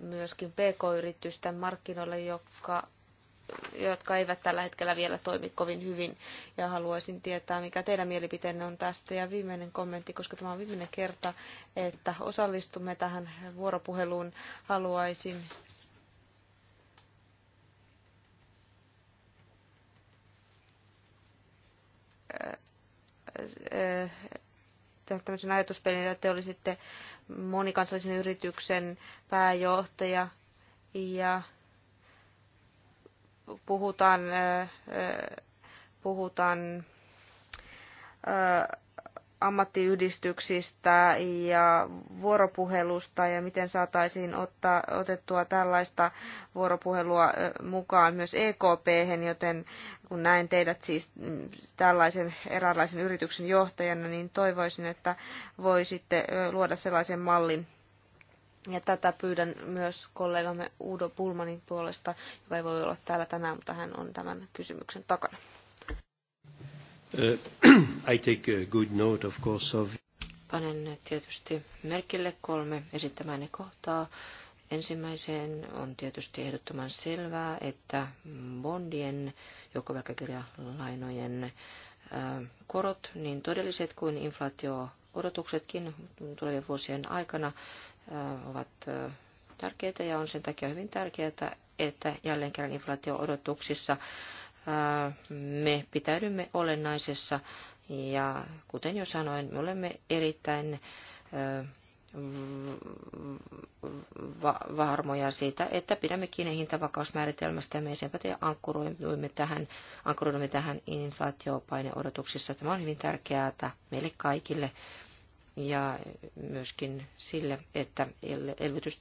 myöskin PK-yritysten markkinoille, jotka jotka eivät tällä hetkellä vielä toimi kovin hyvin. Ja haluaisin tietää, mikä teidän mielipiteenne on tästä. Ja viimeinen kommentti, koska tämä on viimeinen kerta, että osallistumme tähän vuoropuheluun. Haluaisin tämmöisen ajatuspelin, että te olisitte monikansallisen yrityksen pääjohtaja ja puhutaan, puhutaan ammattiyhdistyksistä ja vuoropuhelusta ja miten saataisiin ottaa, otettua tällaista vuoropuhelua mukaan myös EKP, joten kun näen teidät siis mm, tällaisen eräänlaisen yrityksen johtajana, niin toivoisin, että voisitte luoda sellaisen mallin, ja tätä pyydän myös kollegamme Udo Pulmanin puolesta, joka ei voi olla täällä tänään, mutta hän on tämän kysymyksen takana. Uh, I take good note, of course, of... Panen tietysti merkille kolme esittämäänne kohtaa. Ensimmäiseen on tietysti ehdottoman selvää, että bondien, joukkovelkakirjalainojen äh, korot, niin todelliset kuin inflaatio-odotuksetkin tulevien vuosien aikana äh, ovat äh, tärkeitä ja on sen takia hyvin tärkeää, että jälleen kerran inflaatio-odotuksissa me pitäydymme olennaisessa ja kuten jo sanoin, me olemme erittäin varmoja siitä, että pidämme kiinni hintavakausmääritelmästä ja me senpä takia ankkuroimme tähän, ankkuroimme tähän inflaatiopaineodotuksissa. Tämä on hyvin tärkeää meille kaikille ja myöskin sille, että elvytys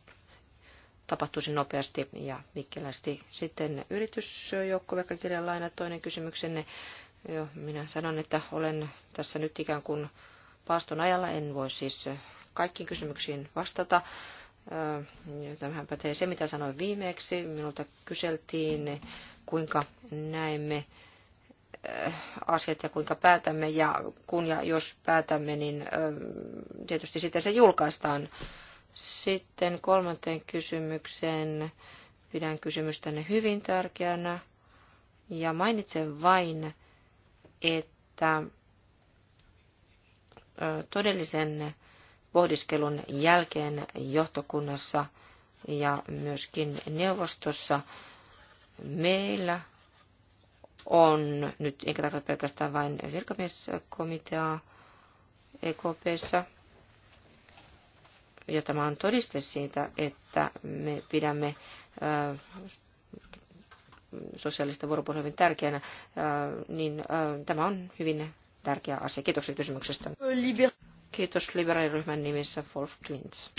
tapahtuisi nopeasti ja vikkelästi. Sitten yritysjoukkovelkakirjan laina, toinen kysymyksenne. Jo, minä sanon, että olen tässä nyt ikään kuin paaston ajalla, en voi siis kaikkiin kysymyksiin vastata. Tämähän pätee se, mitä sanoin viimeksi. Minulta kyseltiin, kuinka näemme asiat ja kuinka päätämme. Ja kun ja jos päätämme, niin tietysti sitten se julkaistaan sitten kolmanteen kysymykseen pidän kysymystänne hyvin tärkeänä ja mainitsen vain, että todellisen pohdiskelun jälkeen johtokunnassa ja myöskin neuvostossa meillä on, nyt enkä tarkoita pelkästään vain virkamieskomiteaa EKPssä, ja tämä on todiste siitä, että me pidämme sosiaalista vuoropuhelua hyvin tärkeänä, niin tämä on hyvin tärkeä asia. Kiitos kysymyksestä. Kiitos liberaaliryhmän nimissä Wolf Klintz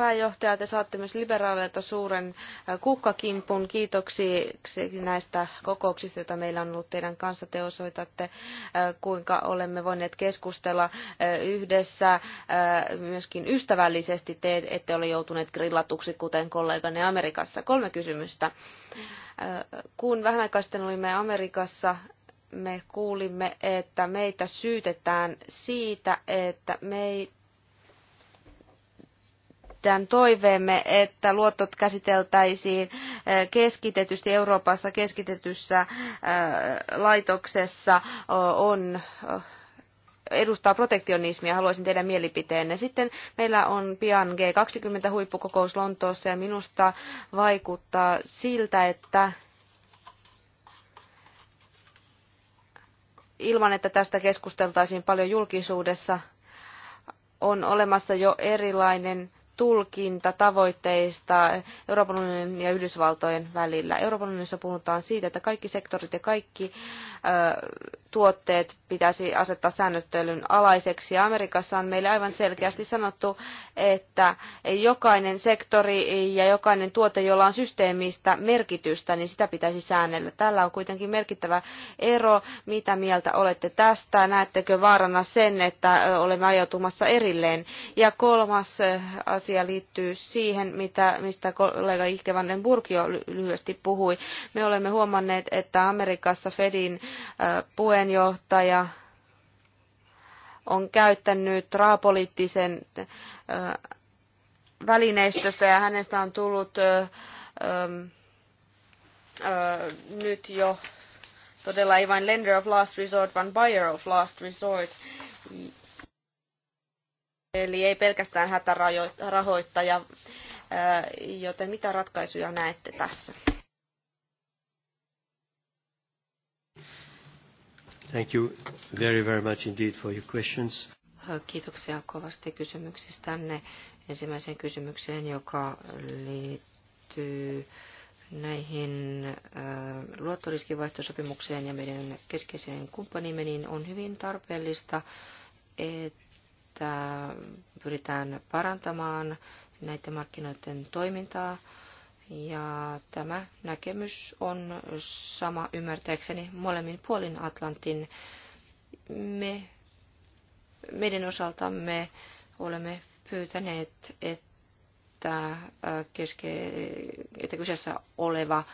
pääjohtaja, te saatte myös liberaaleilta suuren äh, kukkakimpun kiitoksiksi näistä kokouksista, joita meillä on ollut teidän kanssa. Te osoitatte, äh, kuinka olemme voineet keskustella äh, yhdessä myöskin ystävällisesti. Te ette ole joutuneet grillatuksi, kuten kolleganne Amerikassa. Kolme kysymystä. Kun vähän aikaa sitten olimme Amerikassa, me kuulimme, että meitä syytetään siitä, että meitä meidän toiveemme, että luottot käsiteltäisiin keskitetysti Euroopassa keskitetyssä laitoksessa on edustaa protektionismia, haluaisin teidän mielipiteenne. Sitten meillä on pian G20-huippukokous Lontoossa ja minusta vaikuttaa siltä, että ilman että tästä keskusteltaisiin paljon julkisuudessa, on olemassa jo erilainen tulkinta tavoitteista Euroopan unionin ja Yhdysvaltojen välillä. Euroopan unionissa puhutaan siitä, että kaikki sektorit ja kaikki tuotteet pitäisi asettaa säännöttelyn alaiseksi. Amerikassa on meille aivan selkeästi sanottu, että jokainen sektori ja jokainen tuote, jolla on systeemistä merkitystä, niin sitä pitäisi säännellä. Tällä on kuitenkin merkittävä ero. Mitä mieltä olette tästä? Näettekö vaarana sen, että olemme ajautumassa erilleen? Ja kolmas eh, asia liittyy siihen, mitä, mistä kollega Ihke Vandenburg jo lyhyesti puhui. Me olemme huomanneet, että Amerikassa Fedin eh, puheen puheenjohtaja on käyttänyt raapoliittisen välineistöstä ja hänestä on tullut nyt jo todella ei vain lender of last resort, vaan buyer of last resort. Eli ei pelkästään hätärahoittaja, joten mitä ratkaisuja näette tässä? Thank you very, very much indeed for your questions. Kiitoksia kovasti kysymyksistänne. Ensimmäiseen kysymykseen, joka liittyy näihin luottoriskivaihtosopimukseen ja meidän keskeiseen kumppanimme, niin on hyvin tarpeellista, että pyritään parantamaan näiden markkinoiden toimintaa – ja tämä näkemys on sama ymmärtääkseni molemmin puolin Atlantin. Me, meidän osaltamme olemme pyytäneet, että, keske, että kyseessä oleva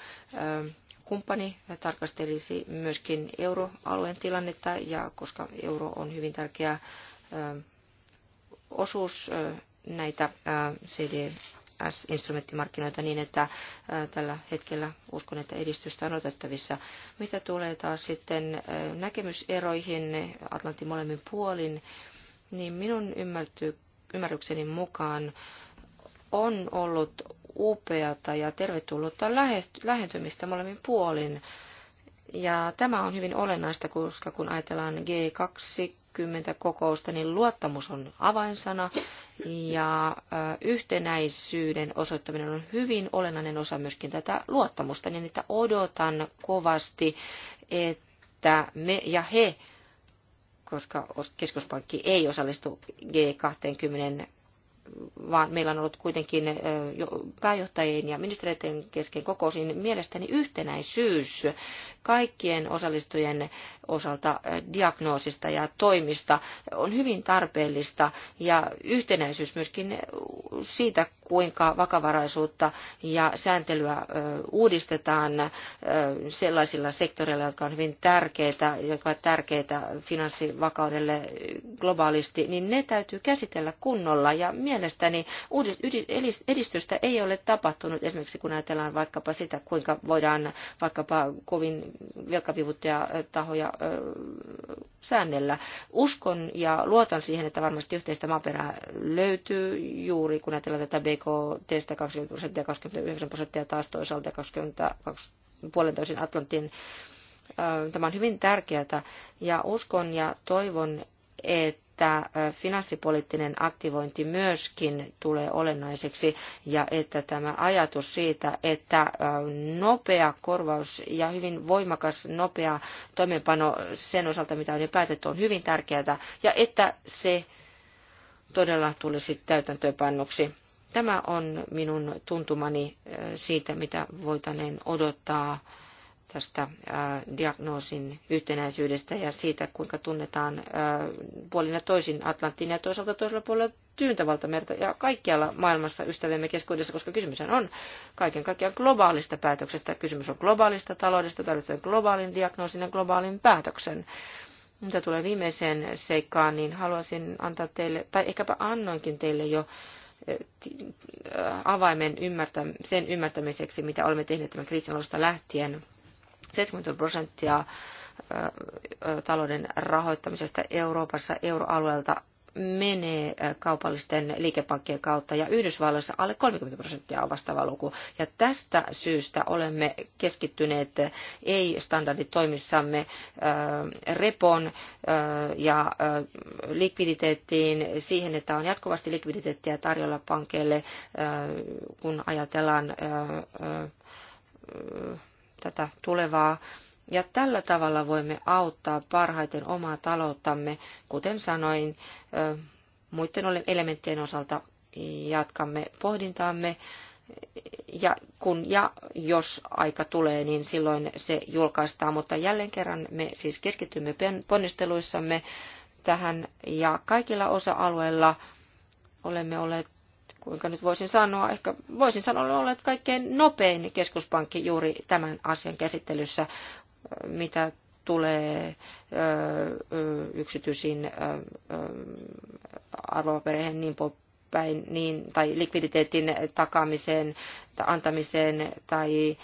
kumppani tarkastelisi myöskin euroalueen tilannetta, ja koska euro on hyvin tärkeä osuus näitä CD NS-instrumenttimarkkinoita niin, että äh, tällä hetkellä uskon, että edistystä on otettavissa. Mitä tulee taas sitten äh, näkemyseroihin Atlantin molemmin puolin, niin minun ymmärrykseni mukaan on ollut upeata ja tervetullutta lähentymistä molemmin puolin. Ja tämä on hyvin olennaista, koska kun ajatellaan G20 Kymmentä kokousta, niin luottamus on avainsana ja yhtenäisyyden osoittaminen on hyvin olennainen osa myöskin tätä luottamusta, niin että odotan kovasti, että me ja he koska keskuspankki ei osallistu G20 vaan meillä on ollut kuitenkin pääjohtajien ja ministeriöiden kesken kokousin mielestäni yhtenäisyys kaikkien osallistujien osalta diagnoosista ja toimista on hyvin tarpeellista ja yhtenäisyys myöskin siitä, kuinka vakavaraisuutta ja sääntelyä uudistetaan sellaisilla sektoreilla, jotka ovat hyvin tärkeitä, jotka ovat tärkeitä finanssivakaudelle globaalisti, niin ne täytyy käsitellä kunnolla. Ja mielestäni edistystä ei ole tapahtunut, esimerkiksi kun ajatellaan vaikkapa sitä, kuinka voidaan vaikkapa kovin velkavivuttajatahoja säännellä. Uskon ja luotan siihen, että varmasti yhteistä maaperää löytyy juuri, kun ajatellaan tätä BKTstä 20 prosenttia, 29 prosenttia taas toisaalta 20, 20 Atlantin. Tämä on hyvin tärkeää ja uskon ja toivon, että että finanssipoliittinen aktivointi myöskin tulee olennaiseksi ja että tämä ajatus siitä, että nopea korvaus ja hyvin voimakas nopea toimeenpano sen osalta, mitä on jo päätetty, on hyvin tärkeää ja että se todella tulisi täytäntöönpannuksi. Tämä on minun tuntumani äh, siitä, mitä voitaneen odottaa tästä äh, diagnoosin yhtenäisyydestä ja siitä, kuinka tunnetaan äh, puolina toisin Atlantin ja toisaalta toisella puolella tyyntävaltamerta ja kaikkialla maailmassa ystävämme keskuudessa, koska kysymys on kaiken kaikkiaan globaalista päätöksestä. Kysymys on globaalista taloudesta, tarvitsee globaalin diagnoosin ja globaalin päätöksen. Mitä tulee viimeiseen seikkaan, niin haluaisin antaa teille, tai ehkäpä annoinkin teille jo avaimen ymmärtä, sen ymmärtämiseksi, mitä olemme tehneet tämän kriisin alusta lähtien. 70 prosenttia talouden rahoittamisesta Euroopassa euroalueelta menee äh, kaupallisten liikepankkien kautta ja Yhdysvalloissa alle 30 prosenttia on vastaava luku. Ja tästä syystä olemme keskittyneet äh, ei-standarditoimissamme äh, repon ja likviditeettiin siihen, että on jatkuvasti likviditeettiä tarjolla pankeille, kun ajatellaan tätä tulevaa ja tällä tavalla voimme auttaa parhaiten omaa talouttamme, kuten sanoin, muiden elementtien osalta jatkamme pohdintaamme. Ja, kun ja jos aika tulee, niin silloin se julkaistaan, mutta jälleen kerran me siis keskitymme ponnisteluissamme tähän ja kaikilla osa-alueilla olemme olleet, kuinka nyt voisin sanoa, ehkä voisin sanoa, olleet kaikkein nopein keskuspankki juuri tämän asian käsittelyssä mitä tulee yksityisiin arvopereihin niin päin, niin, tai likviditeetin takaamiseen tai antamiseen tai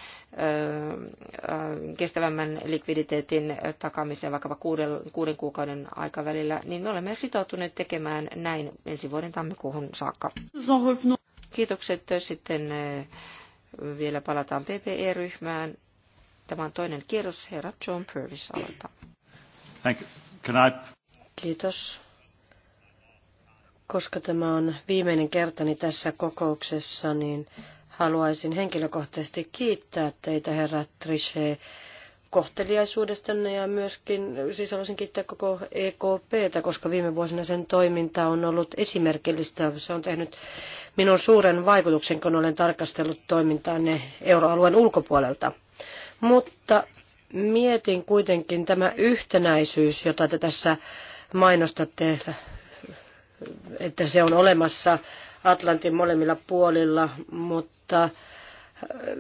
kestävämmän likviditeetin takaamiseen vaikkapa kuuden, kuuden kuukauden aikavälillä, niin me olemme sitoutuneet tekemään näin ensi vuoden tammikuuhun saakka. Kiitokset sitten vielä palataan PPE-ryhmään Tämä on toinen kierros. Herra John Purvis aloittaa. I... Kiitos. Koska tämä on viimeinen kertani tässä kokouksessa, niin haluaisin henkilökohtaisesti kiittää teitä, herra Trichet, kohteliaisuudestanne ja myöskin, siis haluaisin kiittää koko EKPtä, koska viime vuosina sen toiminta on ollut esimerkillistä. Se on tehnyt minun suuren vaikutuksen, kun olen tarkastellut toimintaanne euroalueen ulkopuolelta. Mutta mietin kuitenkin tämä yhtenäisyys, jota te tässä mainostatte, että se on olemassa Atlantin molemmilla puolilla, mutta äh,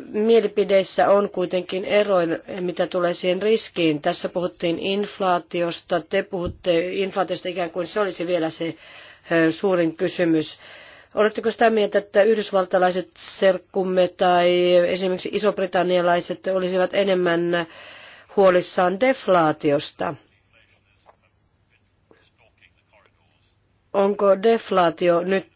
mielipideissä on kuitenkin eroja, mitä tulee siihen riskiin. Tässä puhuttiin inflaatiosta, te puhutte inflaatiosta ikään kuin se olisi vielä se äh, suurin kysymys. Oletteko sitä mieltä, että yhdysvaltalaiset serkkumme tai esimerkiksi isobritannialaiset olisivat enemmän huolissaan deflaatiosta? Onko deflaatio nyt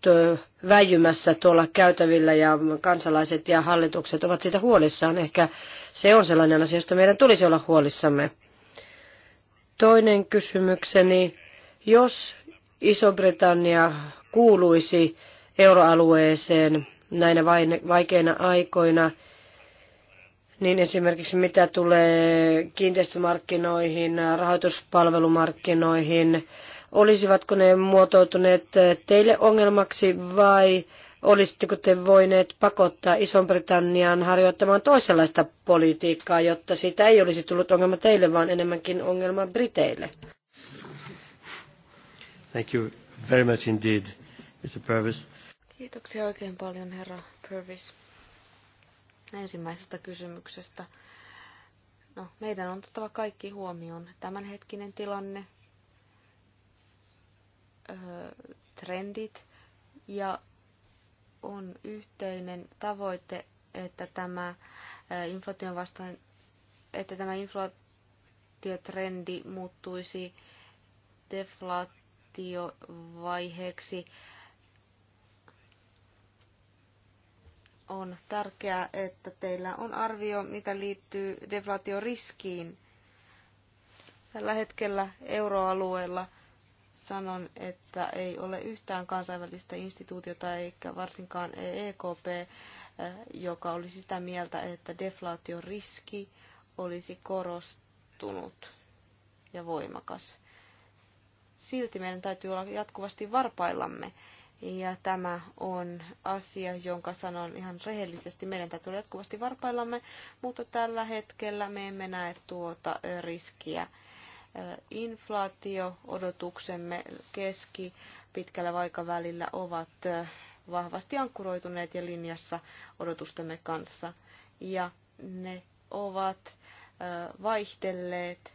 väijymässä tuolla käytävillä ja kansalaiset ja hallitukset ovat siitä huolissaan? Ehkä se on sellainen asia, josta meidän tulisi olla huolissamme. Toinen kysymykseni, jos Iso-Britannia kuuluisi euroalueeseen näinä vaikeina aikoina, niin esimerkiksi mitä tulee kiinteistömarkkinoihin, rahoituspalvelumarkkinoihin, olisivatko ne muotoutuneet teille ongelmaksi vai olisitteko te voineet pakottaa Ison-Britannian harjoittamaan toisenlaista politiikkaa, jotta siitä ei olisi tullut ongelma teille, vaan enemmänkin ongelma Briteille? Thank you very much indeed, Mr. Purvis. Kiitoksia oikein paljon, herra Purvis, ensimmäisestä kysymyksestä. No, meidän on otettava kaikki huomioon. Tämänhetkinen tilanne, öö, trendit ja on yhteinen tavoite, että tämä inflaation vastaan, että tämä inflaatiotrendi muuttuisi deflaatiovaiheeksi on tärkeää, että teillä on arvio, mitä liittyy deflaatioriskiin. Tällä hetkellä euroalueella sanon, että ei ole yhtään kansainvälistä instituutiota eikä varsinkaan EKP, e eh, joka oli sitä mieltä, että deflaatioriski olisi korostunut ja voimakas. Silti meidän täytyy olla jatkuvasti varpaillamme ja tämä on asia, jonka sanon ihan rehellisesti. Meidän täytyy jatkuvasti varpaillamme, mutta tällä hetkellä me emme näe tuota riskiä. Inflaatio-odotuksemme keski pitkällä aikavälillä ovat vahvasti ankkuroituneet ja linjassa odotustemme kanssa. Ja ne ovat vaihdelleet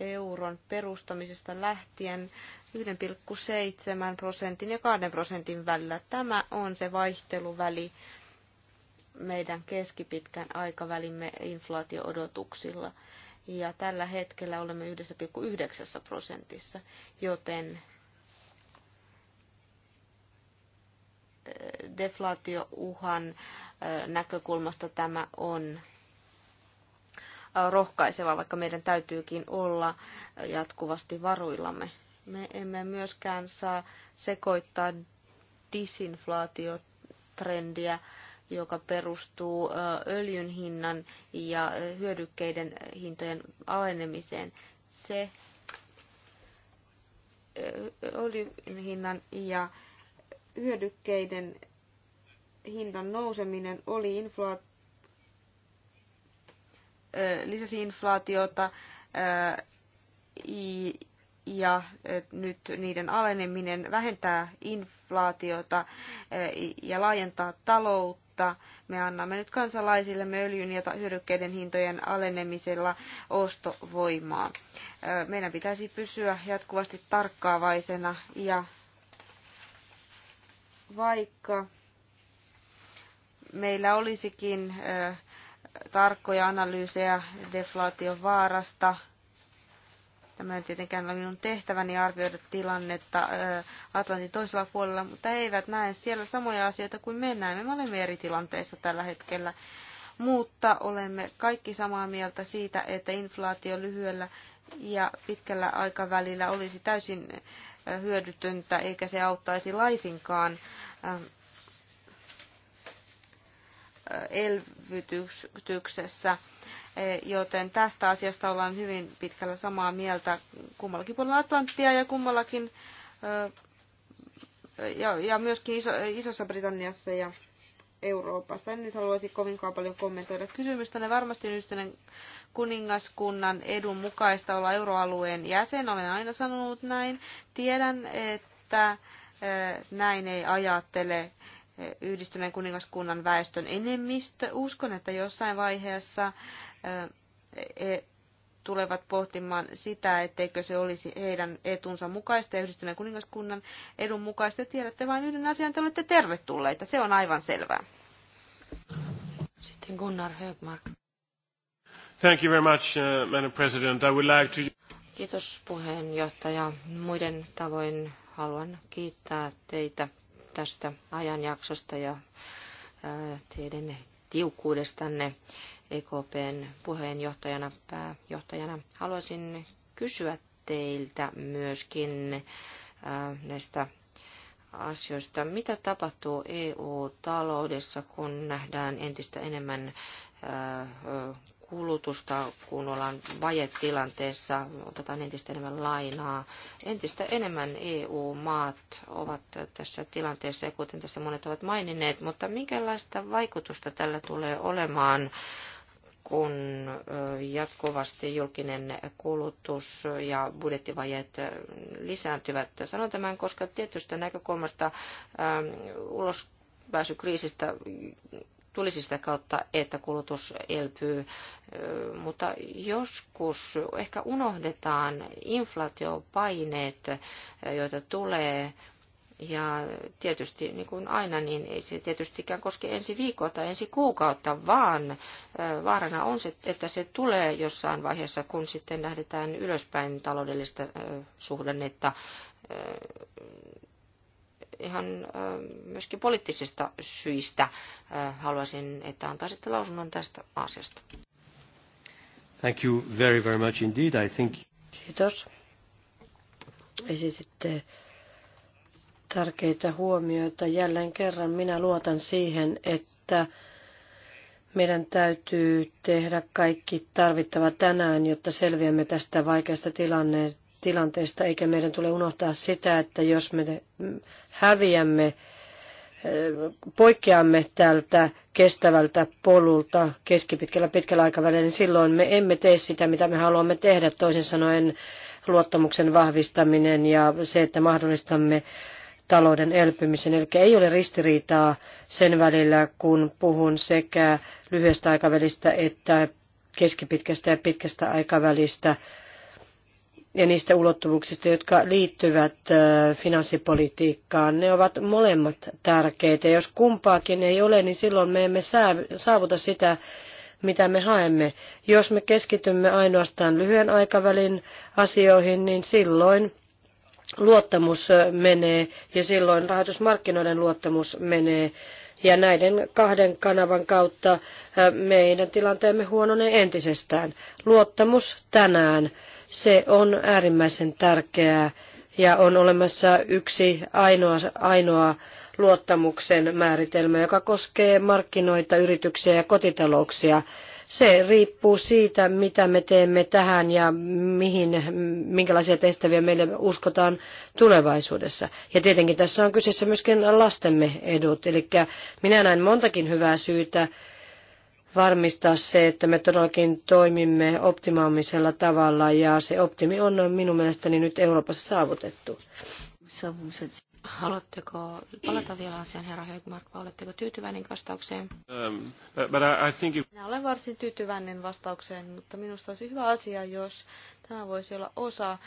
euron perustamisesta lähtien 1,7 prosentin ja 2 prosentin välillä. Tämä on se vaihteluväli meidän keskipitkän aikavälimme inflaatioodotuksilla Ja tällä hetkellä olemme 1,9 prosentissa, joten eh, deflaatiouhan eh, näkökulmasta tämä on rohkaiseva, vaikka meidän täytyykin olla jatkuvasti varuillamme. Me emme myöskään saa sekoittaa disinflaatiotrendiä, joka perustuu öljyn hinnan ja hyödykkeiden hintojen alenemiseen. Se öljyn hinnan ja hyödykkeiden hinnan nouseminen oli inflaatio lisäsi inflaatiota ja nyt niiden aleneminen vähentää inflaatiota ja laajentaa taloutta. Me annamme nyt kansalaisillemme öljyn ja hyödykkeiden hintojen alenemisella ostovoimaa. Meidän pitäisi pysyä jatkuvasti tarkkaavaisena ja vaikka meillä olisikin äh, tarkkoja analyysejä deflaation vaarasta. Tämä ei tietenkään ole minun tehtäväni arvioida tilannetta Atlantin toisella puolella, mutta he eivät näe siellä samoja asioita kuin me näemme. Me olemme eri tilanteissa tällä hetkellä, mutta olemme kaikki samaa mieltä siitä, että inflaatio lyhyellä ja pitkällä aikavälillä olisi täysin hyödytöntä, eikä se auttaisi laisinkaan elvytyksessä, e, joten tästä asiasta ollaan hyvin pitkällä samaa mieltä kummallakin puolella Atlanttia ja kummallakin e, ja, ja myöskin iso, Isossa Britanniassa ja Euroopassa. En nyt haluaisi kovinkaan paljon kommentoida kysymystä. Ne varmasti yhdistyneen kuningaskunnan edun mukaista olla euroalueen jäsen. Olen aina sanonut näin. Tiedän, että e, näin ei ajattele yhdistyneen kuningaskunnan väestön enemmistö. Uskon, että jossain vaiheessa he tulevat pohtimaan sitä, etteikö se olisi heidän etunsa mukaista ja yhdistyneen kuningaskunnan edun mukaista. Tiedätte vain yhden asian, te olette tervetulleita. Se on aivan selvää. Sitten Gunnar Högmark. Thank you very much, uh, Madam President. I would like to... Kiitos puheenjohtaja. Muiden tavoin haluan kiittää teitä tästä ajanjaksosta ja teidän tiukkuudestanne EKPn puheenjohtajana, pääjohtajana. Haluaisin kysyä teiltä myöskin näistä asioista. Mitä tapahtuu EU-taloudessa, kun nähdään entistä enemmän kulutusta, kun ollaan vajetilanteessa, otetaan entistä enemmän lainaa. Entistä enemmän EU-maat ovat tässä tilanteessa, ja kuten tässä monet ovat maininneet, mutta minkälaista vaikutusta tällä tulee olemaan, kun jatkuvasti julkinen kulutus ja budjettivajeet lisääntyvät? Sanon tämän, koska tietystä näkökulmasta ulos pääsy tulisi sitä kautta, että kulutus elpyy. Mutta joskus ehkä unohdetaan inflaatiopaineet, joita tulee ja tietysti, niin kuin aina, niin ei se ikään koske ensi viikkoa tai ensi kuukautta, vaan vaarana on se, että se tulee jossain vaiheessa, kun sitten lähdetään ylöspäin taloudellista suhdannetta ihan myöskin poliittisista syistä. Haluaisin, että antaisitte lausunnon tästä asiasta. Thank you very, very much indeed. I think... Kiitos. Esititte tärkeitä huomioita. Jälleen kerran minä luotan siihen, että meidän täytyy tehdä kaikki tarvittava tänään, jotta selviämme tästä vaikeasta tilanteesta tilanteesta, eikä meidän tule unohtaa sitä, että jos me häviämme, eh, poikkeamme tältä kestävältä polulta keskipitkällä pitkällä aikavälillä, niin silloin me emme tee sitä, mitä me haluamme tehdä. Toisin sanoen luottamuksen vahvistaminen ja se, että mahdollistamme talouden elpymisen. Eli ei ole ristiriitaa sen välillä, kun puhun sekä lyhyestä aikavälistä että keskipitkästä ja pitkästä aikavälistä ja niistä ulottuvuuksista, jotka liittyvät äh, finanssipolitiikkaan. Ne ovat molemmat tärkeitä. Jos kumpaakin ei ole, niin silloin me emme saavuta sitä, mitä me haemme. Jos me keskitymme ainoastaan lyhyen aikavälin asioihin, niin silloin luottamus menee ja silloin rahoitusmarkkinoiden luottamus menee. Ja näiden kahden kanavan kautta äh, meidän tilanteemme huononee entisestään. Luottamus tänään se on äärimmäisen tärkeää ja on olemassa yksi ainoa, ainoa luottamuksen määritelmä, joka koskee markkinoita, yrityksiä ja kotitalouksia. Se riippuu siitä, mitä me teemme tähän ja mihin, minkälaisia tehtäviä meille uskotaan tulevaisuudessa. Ja tietenkin tässä on kyseessä myöskin lastemme edut. Eli minä näen montakin hyvää syytä varmistaa se, että me todellakin toimimme optimaamisella tavalla ja se optimi on minun mielestäni nyt Euroopassa saavutettu. Haluatteko palata vielä asian, herra Högmark, vai oletteko tyytyväinen vastaukseen? Um, but I think it... Minä olen varsin tyytyväinen vastaukseen, mutta minusta olisi hyvä asia, jos tämä voisi olla osa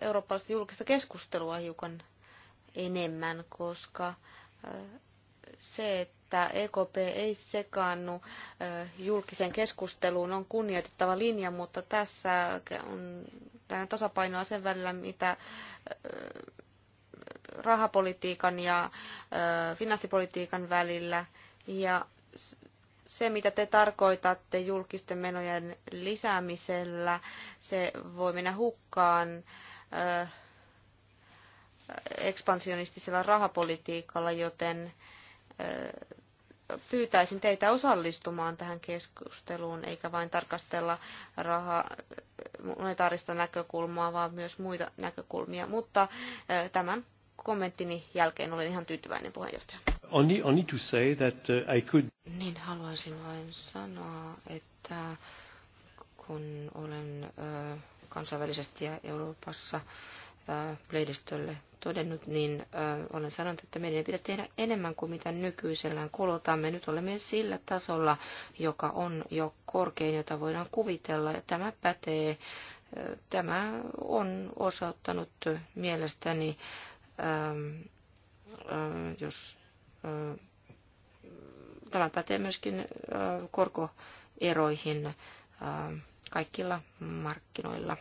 eurooppalaista julkista keskustelua hiukan enemmän, koska se, että EKP ei sekaannu julkisen keskusteluun, on kunnioitettava linja, mutta tässä on tasapainoa sen välillä, mitä rahapolitiikan ja finanssipolitiikan välillä. Ja se, mitä te tarkoitatte julkisten menojen lisäämisellä, se voi mennä hukkaan ekspansionistisella rahapolitiikalla, joten pyytäisin teitä osallistumaan tähän keskusteluun, eikä vain tarkastella rahaa monetaarista näkökulmaa, vaan myös muita näkökulmia. Mutta tämän kommenttini jälkeen olen ihan tyytyväinen puheenjohtaja. Only, only to say that uh, I could... Niin haluaisin vain sanoa, että kun olen kansainvälisesti ja Euroopassa Äh, lehdistölle todennut, niin äh, olen sanonut, että meidän ei pidä tehdä enemmän kuin mitä nykyisellään kulutamme. Nyt olemme sillä tasolla, joka on jo korkein, jota voidaan kuvitella. Ja tämä pätee. Äh, tämä on osoittanut mielestäni, ähm, jos tämä pätee myöskin korkoeroihin kaikilla markkinoilla.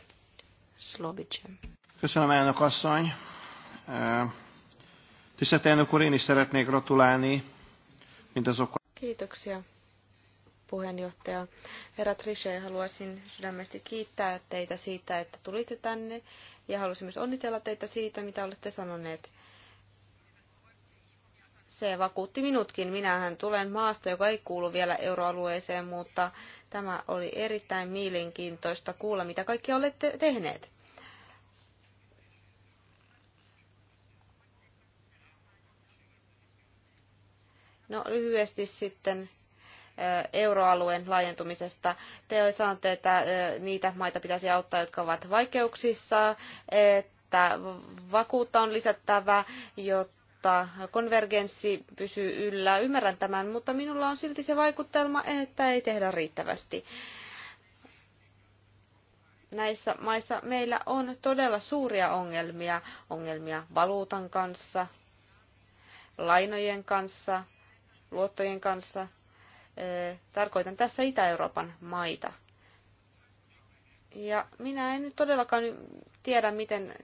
Slobice. Köszönöm, elnök asszony. Tisztelt elnök úr, én is szeretnék gratulálni mindazokat. Kiitoksia, puheenjohtaja. Herra Trise, haluaisin sydämesti kiittää teitä siitä, että tulitte tänne ja haluaisin myös onnitella teitä siitä, mitä olette sanoneet. Se vakuutti minutkin. Minähän tulen maasta, joka ei kuulu vielä euroalueeseen, mutta tämä oli erittäin mielenkiintoista kuulla, mitä kaikki olette tehneet. No lyhyesti sitten euroalueen laajentumisesta. Te sanotte, että niitä maita pitäisi auttaa, jotka ovat vaikeuksissa, että vakuutta on lisättävä, jotta konvergenssi pysyy yllä. Ymmärrän tämän, mutta minulla on silti se vaikutelma, että ei tehdä riittävästi. Näissä maissa meillä on todella suuria ongelmia, ongelmia valuutan kanssa, lainojen kanssa, luottojen kanssa. Tarkoitan tässä Itä-Euroopan maita. Ja minä en nyt todellakaan tiedä, miten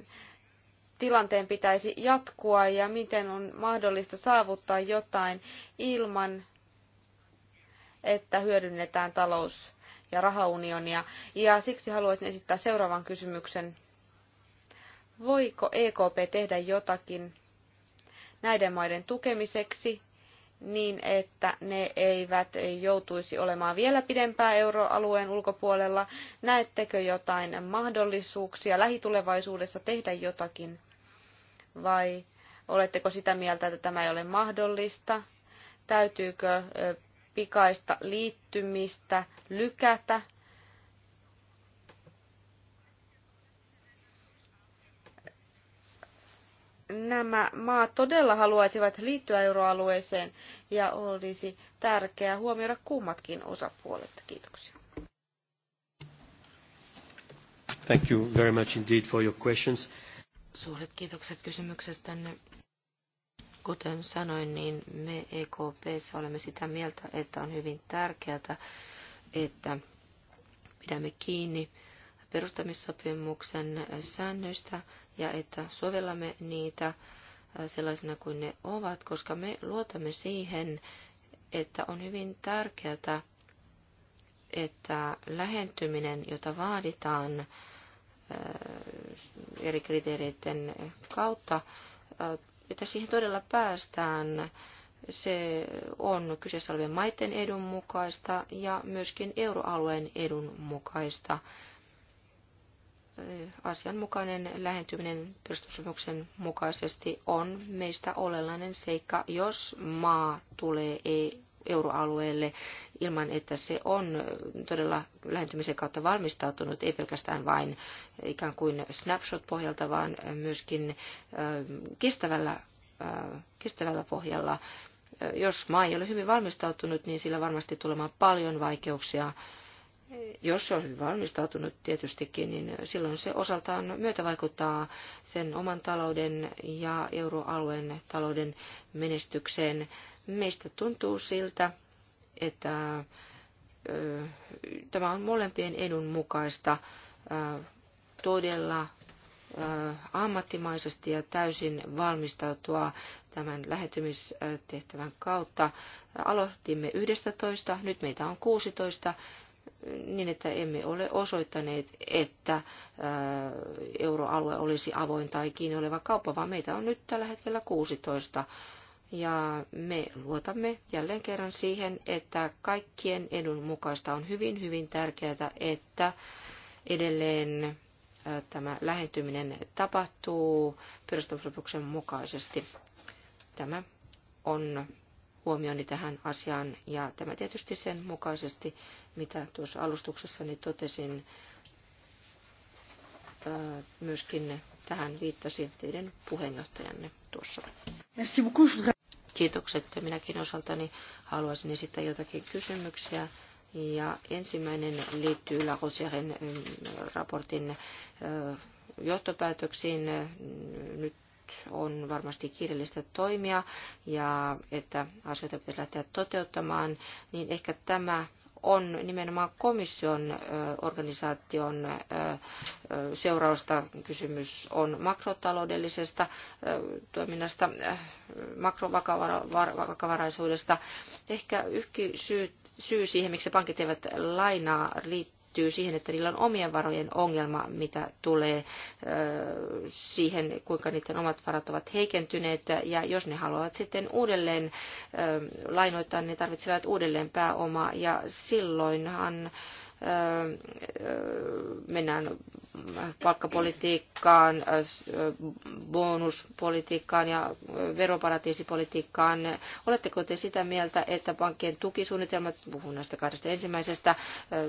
tilanteen pitäisi jatkua ja miten on mahdollista saavuttaa jotain ilman, että hyödynnetään talous- ja rahaunionia. Ja siksi haluaisin esittää seuraavan kysymyksen. Voiko EKP tehdä jotakin näiden maiden tukemiseksi niin, että ne eivät joutuisi olemaan vielä pidempään euroalueen ulkopuolella? Näettekö jotain mahdollisuuksia lähitulevaisuudessa tehdä jotakin? Vai oletteko sitä mieltä, että tämä ei ole mahdollista? Täytyykö pikaista liittymistä lykätä? nämä maat todella haluaisivat liittyä euroalueeseen ja olisi tärkeää huomioida kummatkin osapuolet. Kiitoksia. Thank you very much indeed for your questions. Suuret kiitokset kysymyksestänne. Kuten sanoin, niin me EKPssä olemme sitä mieltä, että on hyvin tärkeää, että pidämme kiinni perustamissopimuksen säännöistä ja että sovellamme niitä äh, sellaisena kuin ne ovat, koska me luotamme siihen, että on hyvin tärkeää, että lähentyminen, jota vaaditaan äh, eri kriteereiden kautta, äh, että siihen todella päästään se on kyseessä olevien maiden edun mukaista ja myöskin euroalueen edun mukaista asianmukainen lähentyminen perustusopimuksen mukaisesti on meistä olennainen seikka, jos maa tulee e- euroalueelle ilman, että se on todella lähentymisen kautta valmistautunut, ei pelkästään vain ikään kuin snapshot-pohjalta, vaan myöskin kestävällä, kestävällä pohjalla. Jos maa ei ole hyvin valmistautunut, niin sillä varmasti tulemaan paljon vaikeuksia jos se on hyvin valmistautunut tietystikin, niin silloin se osaltaan myötävaikuttaa sen oman talouden ja euroalueen talouden menestykseen. Meistä tuntuu siltä, että tämä on molempien edun mukaista todella ammattimaisesti ja täysin valmistautua tämän lähetymistehtävän kautta. Aloitimme 11, nyt meitä on 16 niin, että emme ole osoittaneet, että euroalue olisi avoin tai kiinni oleva kauppa, vaan meitä on nyt tällä hetkellä 16. Ja me luotamme jälleen kerran siihen, että kaikkien edun mukaista on hyvin, hyvin tärkeää, että edelleen tämä lähentyminen tapahtuu perustamissopimuksen mukaisesti. Tämä on huomioni tähän asiaan. Ja tämä tietysti sen mukaisesti, mitä tuossa alustuksessani totesin, myöskin tähän viittasi teidän puheenjohtajanne tuossa. Kiitokset. Minäkin osaltani haluaisin esittää jotakin kysymyksiä. Ja ensimmäinen liittyy La raportin johtopäätöksiin. Nyt on varmasti kiireellistä toimia ja että asioita pitää lähteä toteuttamaan, niin ehkä tämä on nimenomaan komission organisaation seurausta. Kysymys on makrotaloudellisesta toiminnasta, makrovakavaraisuudesta. Ehkä yksi syy, syy siihen, miksi pankit eivät lainaa, liittyy liittyy siihen, että niillä on omien varojen ongelma, mitä tulee siihen, kuinka niiden omat varat ovat heikentyneet. Ja jos ne haluavat sitten uudelleen lainoittaa, ne tarvitsevat uudelleen pääomaa. Ja silloinhan mennään palkkapolitiikkaan, bonuspolitiikkaan ja veroparatiisipolitiikkaan. Oletteko te sitä mieltä, että pankkien tukisuunnitelmat, puhun näistä kahdesta ensimmäisestä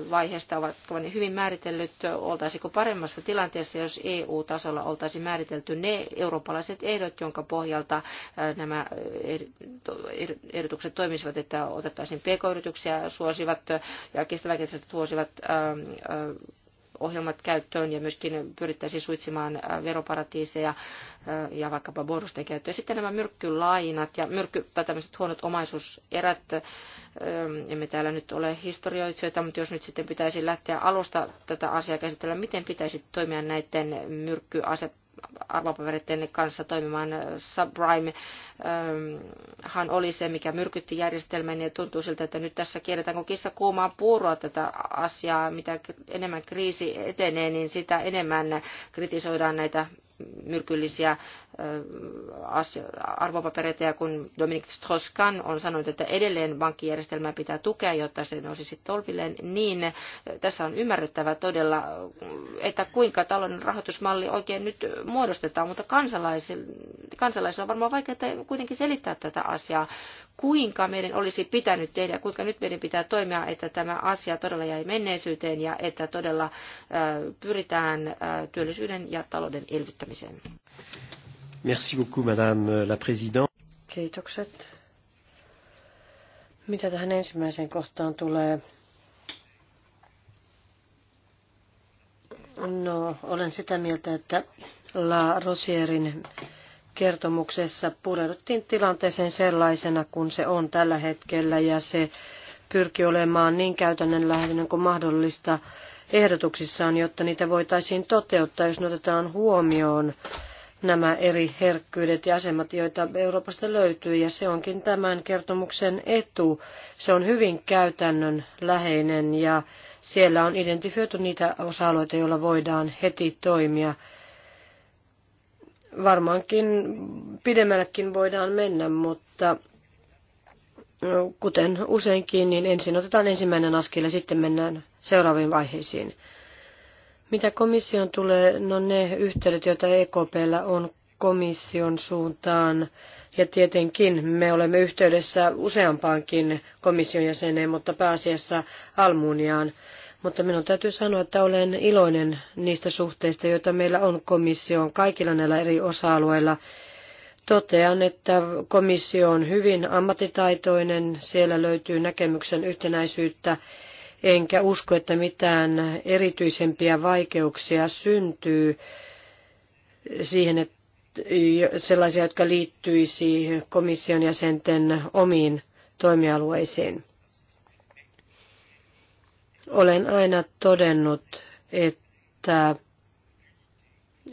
vaiheesta, ovat hyvin määritellyt, oltaisiko paremmassa tilanteessa, jos EU-tasolla oltaisi määritelty ne eurooppalaiset ehdot, jonka pohjalta nämä ehdotukset toimisivat, että otettaisiin pk-yrityksiä suosivat ja kestävä suosivat ottaisivat ähm, äh, ohjelmat käyttöön ja myöskin pyrittäisiin suitsimaan äh, veroparatiiseja äh, ja vaikkapa bonusten käyttöä. Sitten nämä myrkkylainat ja myrkky, tai tämmöiset huonot omaisuuserät, ähm, emme täällä nyt ole historioitsijoita, mutta jos nyt sitten pitäisi lähteä alusta tätä asiaa käsitellä, miten pitäisi toimia näiden myrkkyaset arvopaperitten kanssa toimimaan. Subprime ähm, hän oli se, mikä myrkytti järjestelmän ja tuntuu siltä, että nyt tässä kierretään kun kissa kuumaa puuroa tätä asiaa. Mitä enemmän kriisi etenee, niin sitä enemmän kritisoidaan näitä myrkyllisiä Äh, arvopapereita ja kun Dominic Strauss-Kahn on sanonut, että edelleen pankkijärjestelmää pitää tukea, jotta se nousisi tolpilleen, niin äh, tässä on ymmärrettävä todella, äh, että kuinka talouden rahoitusmalli oikein nyt muodostetaan, mutta kansalaisilla, kansalaisilla on varmaan vaikea kuitenkin selittää tätä asiaa, kuinka meidän olisi pitänyt tehdä, kuinka nyt meidän pitää toimia, että tämä asia todella jäi menneisyyteen ja että todella pyritään työllisyyden ja talouden elvyttämiseen. Merci beaucoup, Madame la Présidente. Kiitokset. Mitä tähän ensimmäiseen kohtaan tulee? No, olen sitä mieltä, että La Rosierin kertomuksessa pureuduttiin tilanteeseen sellaisena kuin se on tällä hetkellä ja se pyrki olemaan niin käytännönläheinen kuin mahdollista ehdotuksissaan, jotta niitä voitaisiin toteuttaa, jos ne otetaan huomioon nämä eri herkkyydet ja asemat, joita Euroopasta löytyy, ja se onkin tämän kertomuksen etu. Se on hyvin käytännön läheinen ja siellä on identifioitu niitä osa-alueita, joilla voidaan heti toimia. Varmaankin pidemmällekin voidaan mennä, mutta kuten useinkin, niin ensin otetaan ensimmäinen askel ja sitten mennään seuraaviin vaiheisiin. Mitä komission tulee, no ne yhteydet, joita EKPllä on komission suuntaan, ja tietenkin me olemme yhteydessä useampaankin komission jäseneen, mutta pääasiassa Almuniaan. Mutta minun täytyy sanoa, että olen iloinen niistä suhteista, joita meillä on komissioon kaikilla näillä eri osa-alueilla. Totean, että komissio on hyvin ammattitaitoinen, siellä löytyy näkemyksen yhtenäisyyttä enkä usko, että mitään erityisempiä vaikeuksia syntyy siihen, että sellaisia, jotka liittyisi komission jäsenten omiin toimialueisiin. Olen aina todennut, että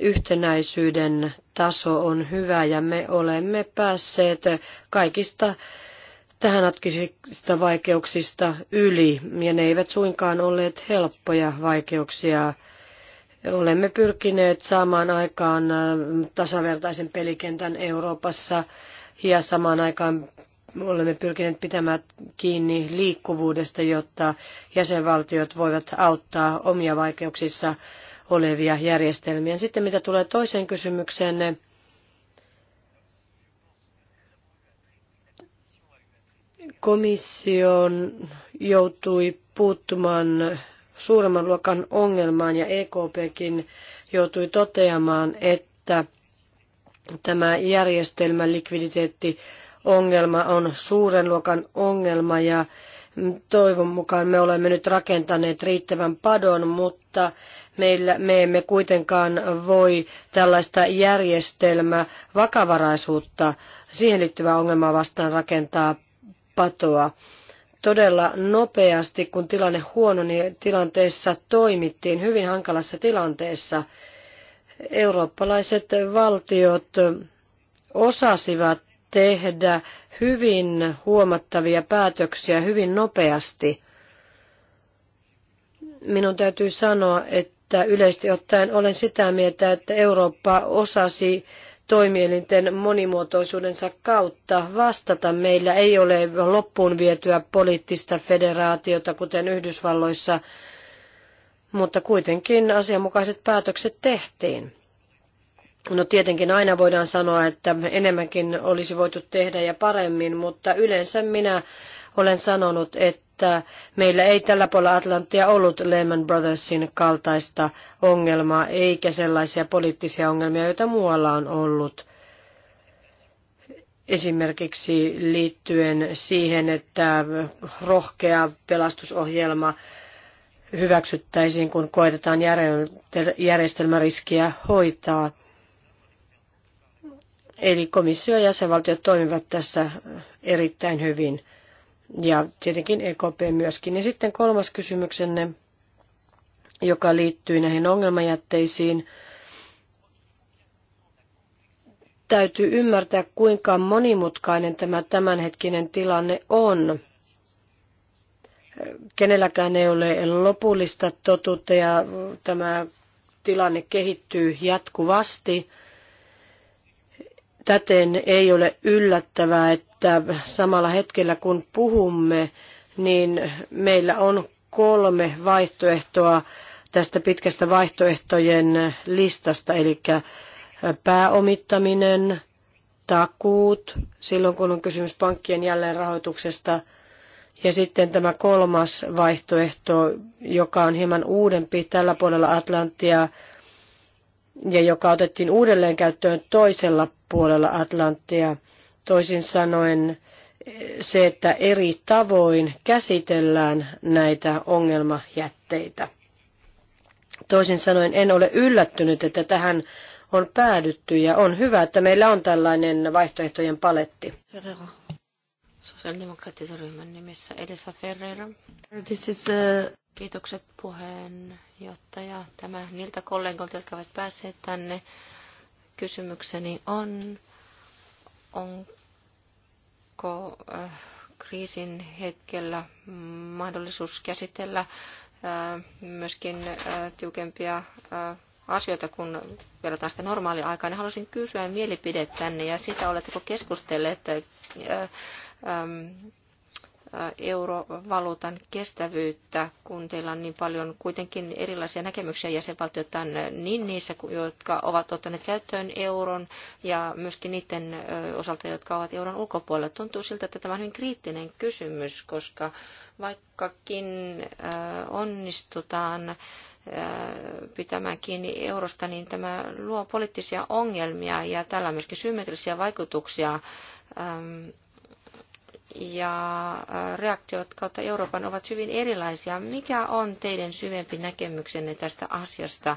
yhtenäisyyden taso on hyvä ja me olemme päässeet kaikista tähänatkisista vaikeuksista yli, ja ne eivät suinkaan olleet helppoja vaikeuksia. Olemme pyrkineet saamaan aikaan äh, tasavertaisen pelikentän Euroopassa, ja samaan aikaan olemme pyrkineet pitämään kiinni liikkuvuudesta, jotta jäsenvaltiot voivat auttaa omia vaikeuksissa olevia järjestelmiä. Sitten mitä tulee toiseen kysymykseenne, komissio joutui puuttumaan suuremman luokan ongelmaan ja EKPkin joutui toteamaan, että tämä järjestelmän likviditeettiongelma on suuren luokan ongelma ja toivon mukaan me olemme nyt rakentaneet riittävän padon, mutta meillä, me emme kuitenkaan voi tällaista järjestelmää vakavaraisuutta siihen liittyvää ongelmaa vastaan rakentaa patoa. Todella nopeasti, kun tilanne huononi, niin tilanteessa toimittiin hyvin hankalassa tilanteessa. Eurooppalaiset valtiot osasivat tehdä hyvin huomattavia päätöksiä hyvin nopeasti. Minun täytyy sanoa, että yleisesti ottaen olen sitä mieltä, että Eurooppa osasi toimielinten monimuotoisuudensa kautta vastata. Meillä ei ole loppuun vietyä poliittista federaatiota, kuten Yhdysvalloissa, mutta kuitenkin asianmukaiset päätökset tehtiin. No tietenkin aina voidaan sanoa, että enemmänkin olisi voitu tehdä ja paremmin, mutta yleensä minä olen sanonut, että että meillä ei tällä puolella Atlanttia ollut Lehman Brothersin kaltaista ongelmaa, eikä sellaisia poliittisia ongelmia, joita muualla on ollut. Esimerkiksi liittyen siihen, että rohkea pelastusohjelma hyväksyttäisiin, kun koetetaan järjestelmäriskiä hoitaa. Eli komissio ja jäsenvaltiot toimivat tässä erittäin hyvin ja tietenkin EKP myöskin. Ja sitten kolmas kysymyksenne, joka liittyy näihin ongelmajätteisiin. Täytyy ymmärtää, kuinka monimutkainen tämä tämänhetkinen tilanne on. Kenelläkään ei ole lopullista totuutta ja tämä tilanne kehittyy jatkuvasti. Täten ei ole yllättävää, että että samalla hetkellä kun puhumme, niin meillä on kolme vaihtoehtoa tästä pitkästä vaihtoehtojen listasta, eli pääomittaminen, takuut, silloin kun on kysymys pankkien jälleenrahoituksesta, ja sitten tämä kolmas vaihtoehto, joka on hieman uudempi tällä puolella Atlantia, ja joka otettiin uudelleen käyttöön toisella puolella Atlanttia Toisin sanoen se, että eri tavoin käsitellään näitä ongelmajätteitä. Toisin sanoen en ole yllättynyt, että tähän on päädytty ja on hyvä, että meillä on tällainen vaihtoehtojen paletti. Ferreira. Sosiaalidemokraattisen ryhmän nimissä Elisa Ferreira. This is a... Uh, Kiitokset puheenjohtaja. Tämä niiltä kollegoilta, jotka ovat päässeet tänne. Kysymykseni on, onko onko äh, kriisin hetkellä mahdollisuus käsitellä äh, myöskin äh, tiukempia asioita, kun verrataan sitä normaaliaikaan. Niin haluaisin kysyä mielipidettänne ja sitä, oletteko keskustelleet eurovaluutan kestävyyttä, kun teillä on niin paljon kuitenkin erilaisia näkemyksiä jäsenvaltioitaan niin niissä, jotka ovat ottaneet käyttöön euron ja myöskin niiden osalta, jotka ovat euron ulkopuolella. Tuntuu siltä, että tämä on hyvin kriittinen kysymys, koska vaikkakin onnistutaan pitämään kiinni eurosta, niin tämä luo poliittisia ongelmia ja tällä myöskin symmetrisiä vaikutuksia ja reaktiot kautta Euroopan ovat hyvin erilaisia. Mikä on teidän syvempi näkemyksenne tästä asiasta?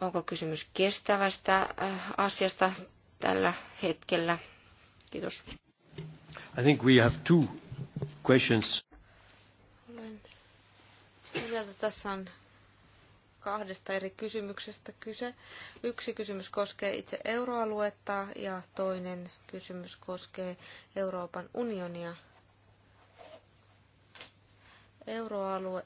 Onko kysymys kestävästä asiasta tällä hetkellä? Kiitos. I think we have two questions. Olen... Tässä on kahdesta eri kysymyksestä kyse. Yksi kysymys koskee itse euroaluetta ja toinen kysymys koskee Euroopan unionia. Euroalue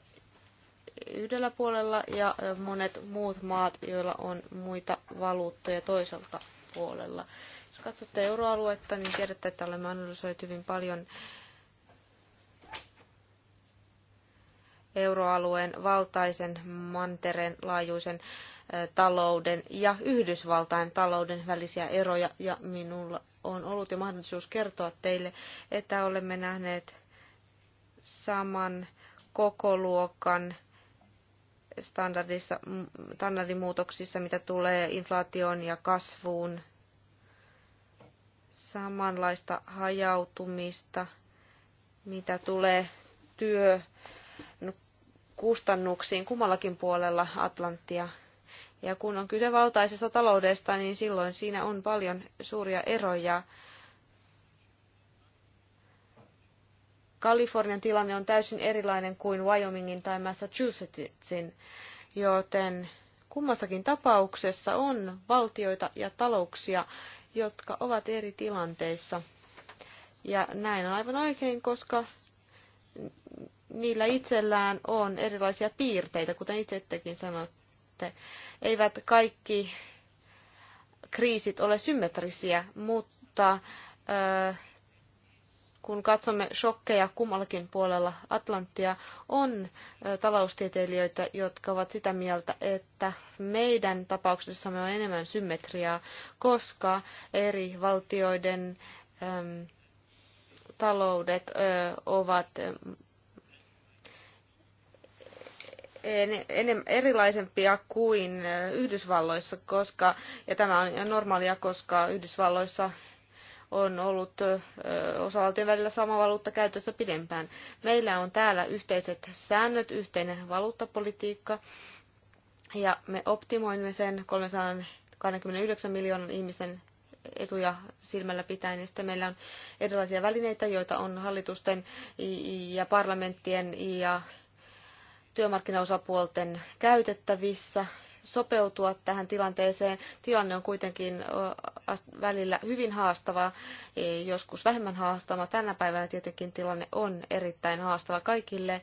yhdellä puolella ja monet muut maat, joilla on muita valuuttoja toiselta puolella. Jos katsotte euroaluetta, niin tiedätte, että olemme analysoineet hyvin paljon euroalueen valtaisen mantereen laajuisen talouden ja Yhdysvaltain talouden välisiä eroja ja minulla on ollut jo mahdollisuus kertoa teille, että olemme nähneet saman kokoluokan standardissa, standardimuutoksissa, mitä tulee inflaatioon ja kasvuun, samanlaista hajautumista, mitä tulee työ, kustannuksiin kummallakin puolella Atlanttia. Ja kun on kyse valtaisesta taloudesta, niin silloin siinä on paljon suuria eroja. Kalifornian tilanne on täysin erilainen kuin Wyomingin tai Massachusettsin, joten kummassakin tapauksessa on valtioita ja talouksia, jotka ovat eri tilanteissa. Ja näin on aivan oikein, koska niillä itsellään on erilaisia piirteitä, kuten itsettekin sanotte. Eivät kaikki kriisit ole symmetrisiä, mutta kun katsomme shokkeja kummallakin puolella Atlanttia, on taloustieteilijöitä, jotka ovat sitä mieltä, että meidän tapauksessamme on enemmän symmetriaa, koska eri valtioiden taloudet ovat erilaisempia kuin Yhdysvalloissa, koska, ja tämä on normaalia, koska Yhdysvalloissa on ollut osavaltion välillä sama valuutta käytössä pidempään. Meillä on täällä yhteiset säännöt, yhteinen valuuttapolitiikka, ja me optimoimme sen 329 miljoonan ihmisen etuja silmällä pitäen. Ja sitten meillä on erilaisia välineitä, joita on hallitusten ja parlamenttien ja työmarkkinaosapuolten käytettävissä sopeutua tähän tilanteeseen. Tilanne on kuitenkin välillä hyvin haastava, e, joskus vähemmän haastava. Tänä päivänä tietenkin tilanne on erittäin haastava kaikille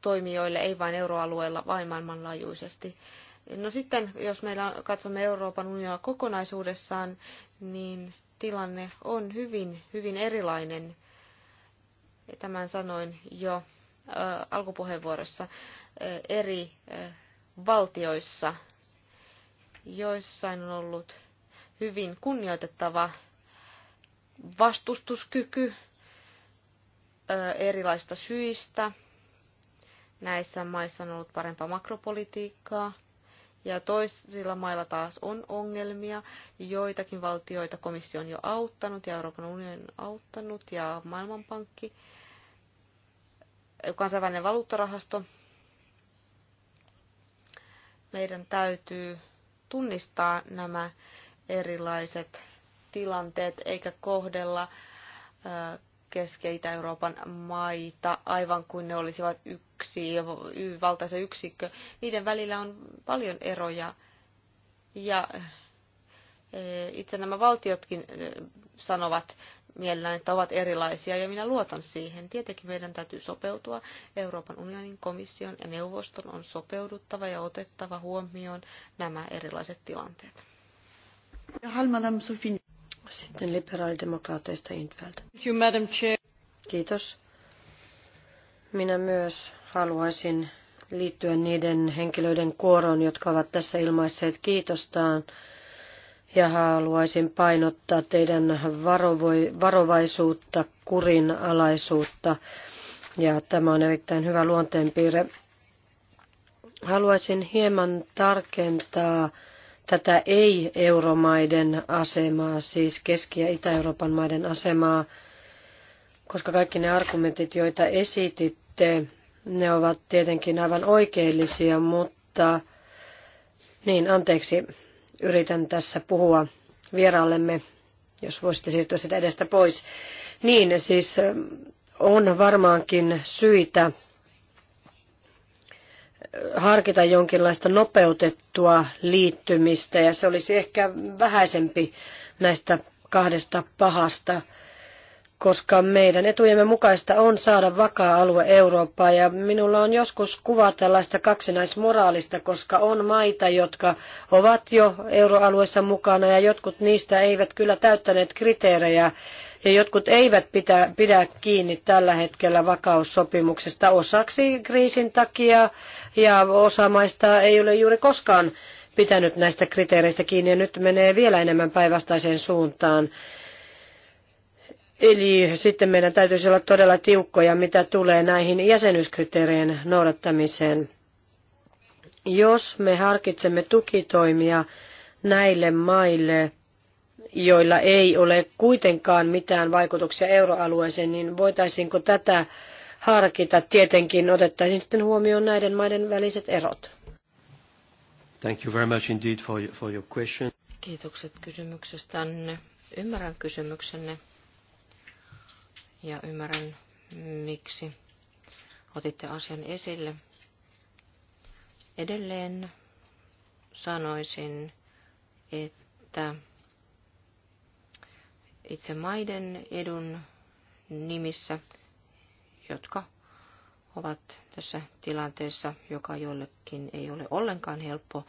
toimijoille, ei vain euroalueella, vaan maailmanlaajuisesti. No sitten, jos meillä katsomme Euroopan unionia kokonaisuudessaan, niin tilanne on hyvin, hyvin erilainen. Tämän sanoin jo alkupuheenvuorossa eri valtioissa, joissain on ollut hyvin kunnioitettava vastustuskyky erilaista syistä. Näissä maissa on ollut parempaa makropolitiikkaa ja toisilla mailla taas on ongelmia. Joitakin valtioita komissio on jo auttanut ja Euroopan unioni on auttanut ja Maailmanpankki kansainvälinen valuuttarahasto. Meidän täytyy tunnistaa nämä erilaiset tilanteet eikä kohdella keskeitä Euroopan maita aivan kuin ne olisivat yksi valtaisen yksikkö. Niiden välillä on paljon eroja ja itse nämä valtiotkin sanovat mielellään, että ovat erilaisia ja minä luotan siihen. Tietenkin meidän täytyy sopeutua. Euroopan unionin komission ja neuvoston on sopeuduttava ja otettava huomioon nämä erilaiset tilanteet. Sitten liberaalidemokraateista Intveld. Kiitos. Minä myös haluaisin liittyä niiden henkilöiden kuoroon, jotka ovat tässä ilmaisseet kiitostaan ja haluaisin painottaa teidän varovaisuutta, kurinalaisuutta ja tämä on erittäin hyvä luonteenpiirre. Haluaisin hieman tarkentaa tätä ei-euromaiden asemaa, siis Keski- ja Itä-Euroopan maiden asemaa, koska kaikki ne argumentit, joita esititte, ne ovat tietenkin aivan oikeellisia, mutta niin, anteeksi, Yritän tässä puhua vieraallemme, jos voisitte siirtyä sitä edestä pois. Niin, siis eh, on varmaankin syitä harkita jonkinlaista nopeutettua liittymistä ja se olisi ehkä vähäisempi näistä kahdesta pahasta koska meidän etujemme mukaista on saada vakaa alue Eurooppaa ja minulla on joskus kuva tällaista kaksinaismoraalista, koska on maita, jotka ovat jo euroalueessa mukana ja jotkut niistä eivät kyllä täyttäneet kriteerejä ja jotkut eivät pitä, pidä kiinni tällä hetkellä vakaussopimuksesta osaksi kriisin takia ja osa maista ei ole juuri koskaan pitänyt näistä kriteereistä kiinni ja nyt menee vielä enemmän päinvastaiseen suuntaan. Eli sitten meidän täytyisi olla todella tiukkoja, mitä tulee näihin jäsenyyskriteerien noudattamiseen. Jos me harkitsemme tukitoimia näille maille, joilla ei ole kuitenkaan mitään vaikutuksia euroalueeseen, niin voitaisiinko tätä harkita? Tietenkin otettaisiin sitten huomioon näiden maiden väliset erot. Thank you very much indeed for your, for your question. Kiitokset kysymyksestänne. Ymmärrän kysymyksenne ja ymmärrän, miksi otitte asian esille. Edelleen sanoisin, että itse maiden edun nimissä, jotka ovat tässä tilanteessa, joka jollekin ei ole ollenkaan helppo,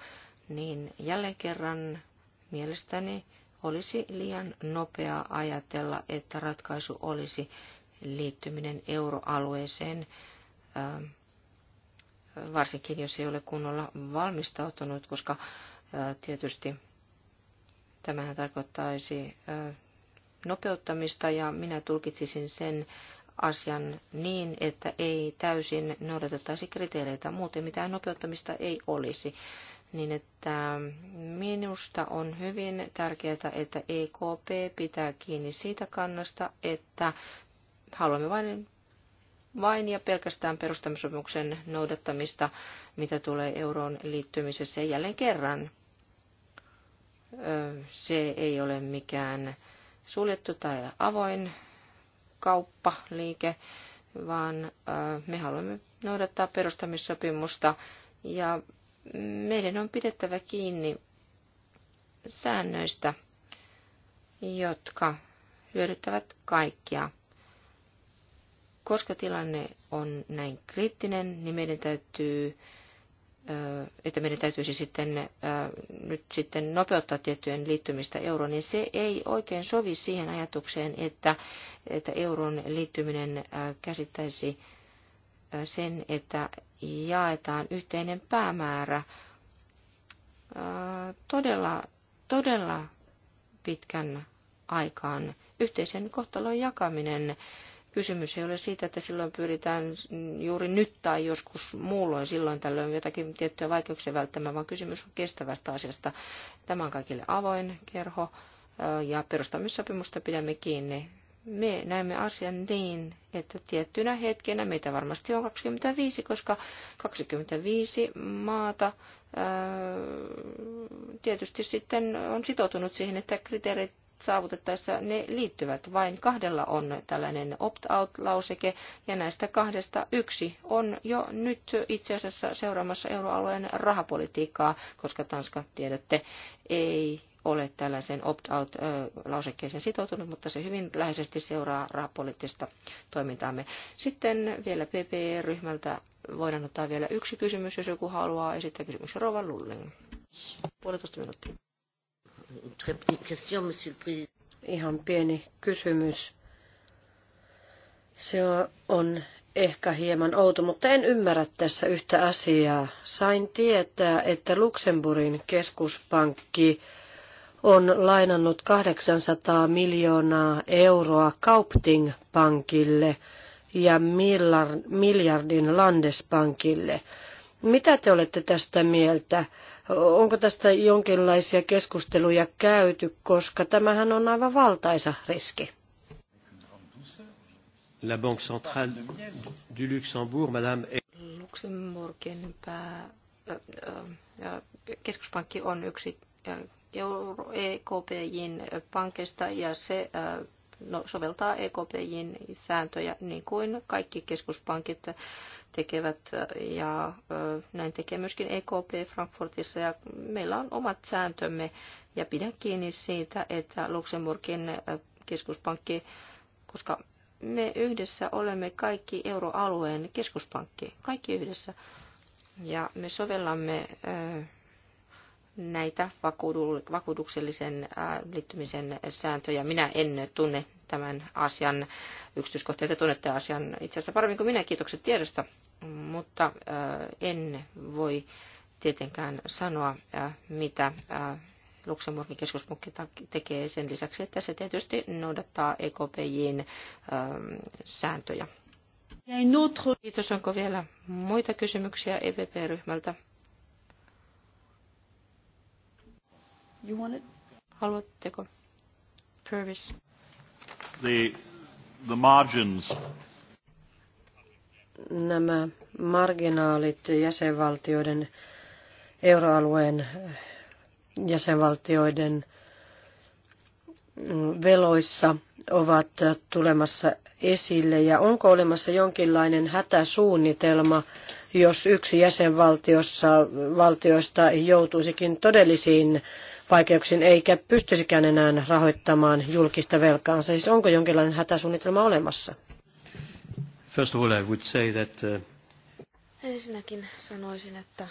niin jälleen kerran mielestäni olisi liian nopeaa ajatella, että ratkaisu olisi liittyminen euroalueeseen, ähm, varsinkin jos ei ole kunnolla valmistautunut, koska äh, tietysti tämähän tarkoittaisi äh, nopeuttamista ja minä tulkitsisin sen asian niin, että ei täysin noudatettaisi kriteereitä, muuten mitään nopeuttamista ei olisi niin että minusta on hyvin tärkeää, että EKP pitää kiinni siitä kannasta, että haluamme vain vain ja pelkästään perustamissopimuksen noudattamista, mitä tulee euroon liittymisessä. Ja jälleen kerran se ei ole mikään suljettu tai avoin kauppaliike, vaan me haluamme noudattaa perustamissopimusta ja meidän on pidettävä kiinni säännöistä, jotka hyödyttävät kaikkia. Koska tilanne on näin kriittinen, niin meidän täytyy että meidän täytyisi sitten nyt sitten nopeuttaa tiettyjen liittymistä euroon, niin se ei oikein sovi siihen ajatukseen, että, että euron liittyminen käsittäisi sen, että jaetaan yhteinen päämäärä todella, todella pitkän aikaan. Yhteisen kohtalon jakaminen. Kysymys ei ole siitä, että silloin pyritään juuri nyt tai joskus muulloin silloin tällöin jotakin tiettyä vaikeuksia välttämään, vaan kysymys on kestävästä asiasta. Tämä on kaikille avoin kerho ja perustamissopimusta pidämme kiinni me näemme asian niin, että tiettynä hetkenä meitä varmasti on 25, koska 25 maata tietysti sitten on sitoutunut siihen, että kriteerit saavutettaessa ne liittyvät. Vain kahdella on tällainen opt-out-lauseke, ja näistä kahdesta yksi on jo nyt itse asiassa seuraamassa euroalueen rahapolitiikkaa, koska Tanska, tiedätte, ei ole tällaiseen opt-out-lausekkeeseen sitoutunut, mutta se hyvin läheisesti seuraa rahapoliittista toimintaamme. Sitten vielä PPE-ryhmältä voidaan ottaa vielä yksi kysymys, jos joku haluaa esittää kysymyksen. Rova Lulling. Puolitoista minuuttia. Ihan pieni kysymys. Se on ehkä hieman outo, mutta en ymmärrä tässä yhtä asiaa. Sain tietää, että Luxemburgin keskuspankki on lainannut 800 miljoonaa euroa Kaupting-pankille ja miljardin Landesbankille. Mitä te olette tästä mieltä? Onko tästä jonkinlaisia keskusteluja käyty, koska tämähän on aivan valtaisa riski? La Banque Centrale du Luxembourg, Madame... Luxemburgin pää, keskuspankki on yksi EKPJin pankista ja se no, soveltaa EKPJin sääntöjä niin kuin kaikki keskuspankit tekevät ja näin tekee myöskin EKP Frankfurtissa ja meillä on omat sääntömme ja pidän kiinni siitä, että Luxemburgin keskuspankki, koska me yhdessä olemme kaikki euroalueen keskuspankki, kaikki yhdessä ja me sovellamme näitä vakuutuksellisen äh, liittymisen sääntöjä. Minä en tunne tämän asian yksityiskohtia, te tunnette asian itse asiassa paremmin kuin minä, kiitokset tiedosta, mutta äh, en voi tietenkään sanoa, äh, mitä Luxemburgin keskuspankki tekee sen lisäksi, että se tietysti noudattaa EKPJin sääntöjä. Kiitos. Onko vielä muita kysymyksiä EPP-ryhmältä? You want it? Haluatteko? Purvis. The, the margins. Nämä marginaalit jäsenvaltioiden, euroalueen jäsenvaltioiden mm, veloissa ovat tulemassa esille ja onko olemassa jonkinlainen hätäsuunnitelma, jos yksi jäsenvaltiosta joutuisikin todellisiin vaikeuksiin eikä pystyisikään enää rahoittamaan julkista velkaansa. Siis onko jonkinlainen hätäsuunnitelma olemassa? First of all, I would say that, uh... Ensinnäkin sanoisin, että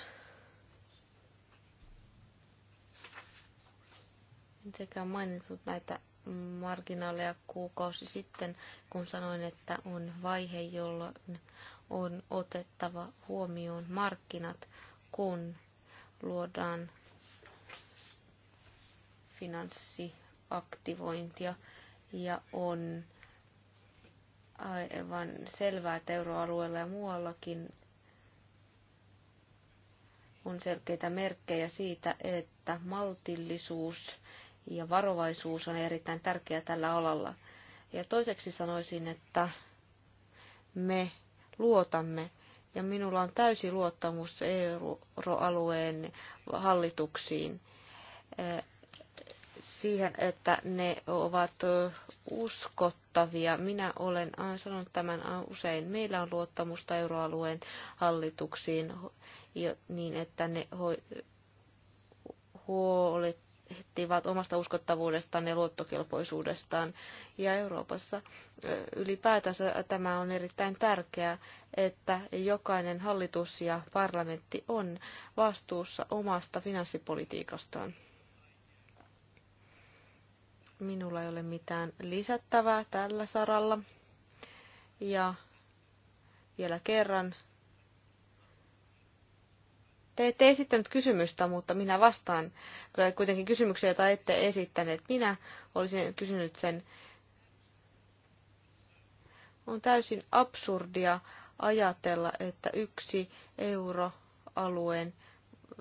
mitenkään mainitut näitä marginaaleja kuukausi sitten, kun sanoin, että on vaihe, jolloin on otettava huomioon markkinat, kun luodaan finanssiaktivointia ja on aivan selvää, että euroalueella ja muuallakin on selkeitä merkkejä siitä, että maltillisuus ja varovaisuus on erittäin tärkeää tällä alalla. Ja toiseksi sanoisin, että me luotamme ja minulla on täysi luottamus euroalueen hallituksiin siihen, että ne ovat uskottavia. Minä olen sanonut tämän usein. Meillä on luottamusta euroalueen hallituksiin niin, että ne huolehtivat omasta uskottavuudestaan ja luottokelpoisuudestaan. Ja Euroopassa ylipäätänsä tämä on erittäin tärkeää, että jokainen hallitus ja parlamentti on vastuussa omasta finanssipolitiikastaan. Minulla ei ole mitään lisättävää tällä saralla. Ja vielä kerran. Te ette esittänyt kysymystä, mutta minä vastaan kuitenkin kysymykseen, jota ette esittäneet. Minä olisin kysynyt sen. On täysin absurdia ajatella, että yksi euroalueen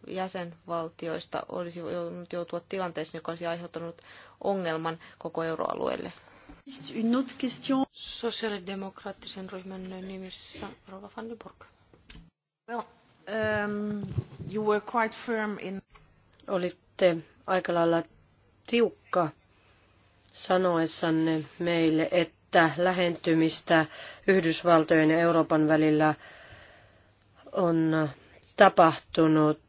jäsenvaltioista olisi joutunut joutua tilanteeseen, joka olisi aiheuttanut ongelman koko euroalueelle. Sosiaalidemokraattisen ryhmän nimissä Rova van den Burg. Well, um, you were quite firm in... Olitte aika lailla tiukka sanoessanne meille, että lähentymistä Yhdysvaltojen ja Euroopan välillä on tapahtunut,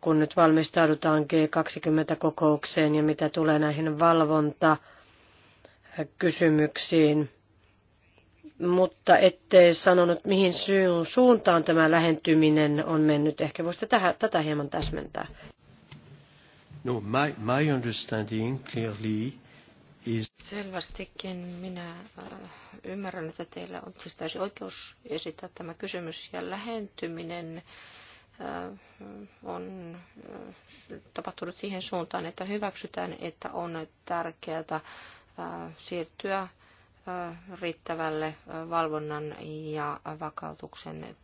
kun nyt valmistaudutaan G20-kokoukseen ja mitä tulee näihin valvontakysymyksiin. Mutta ettei sanonut, mihin syyn suuntaan tämä lähentyminen on mennyt. Ehkä voisi tätä, tätä hieman täsmentää. No, my, my understanding clearly is... Selvästikin minä äh, ymmärrän, että teillä on siis täysin oikeus esittää tämä kysymys ja lähentyminen on tapahtunut siihen suuntaan, että hyväksytään, että on tärkeää siirtyä riittävälle valvonnan ja vakautuksen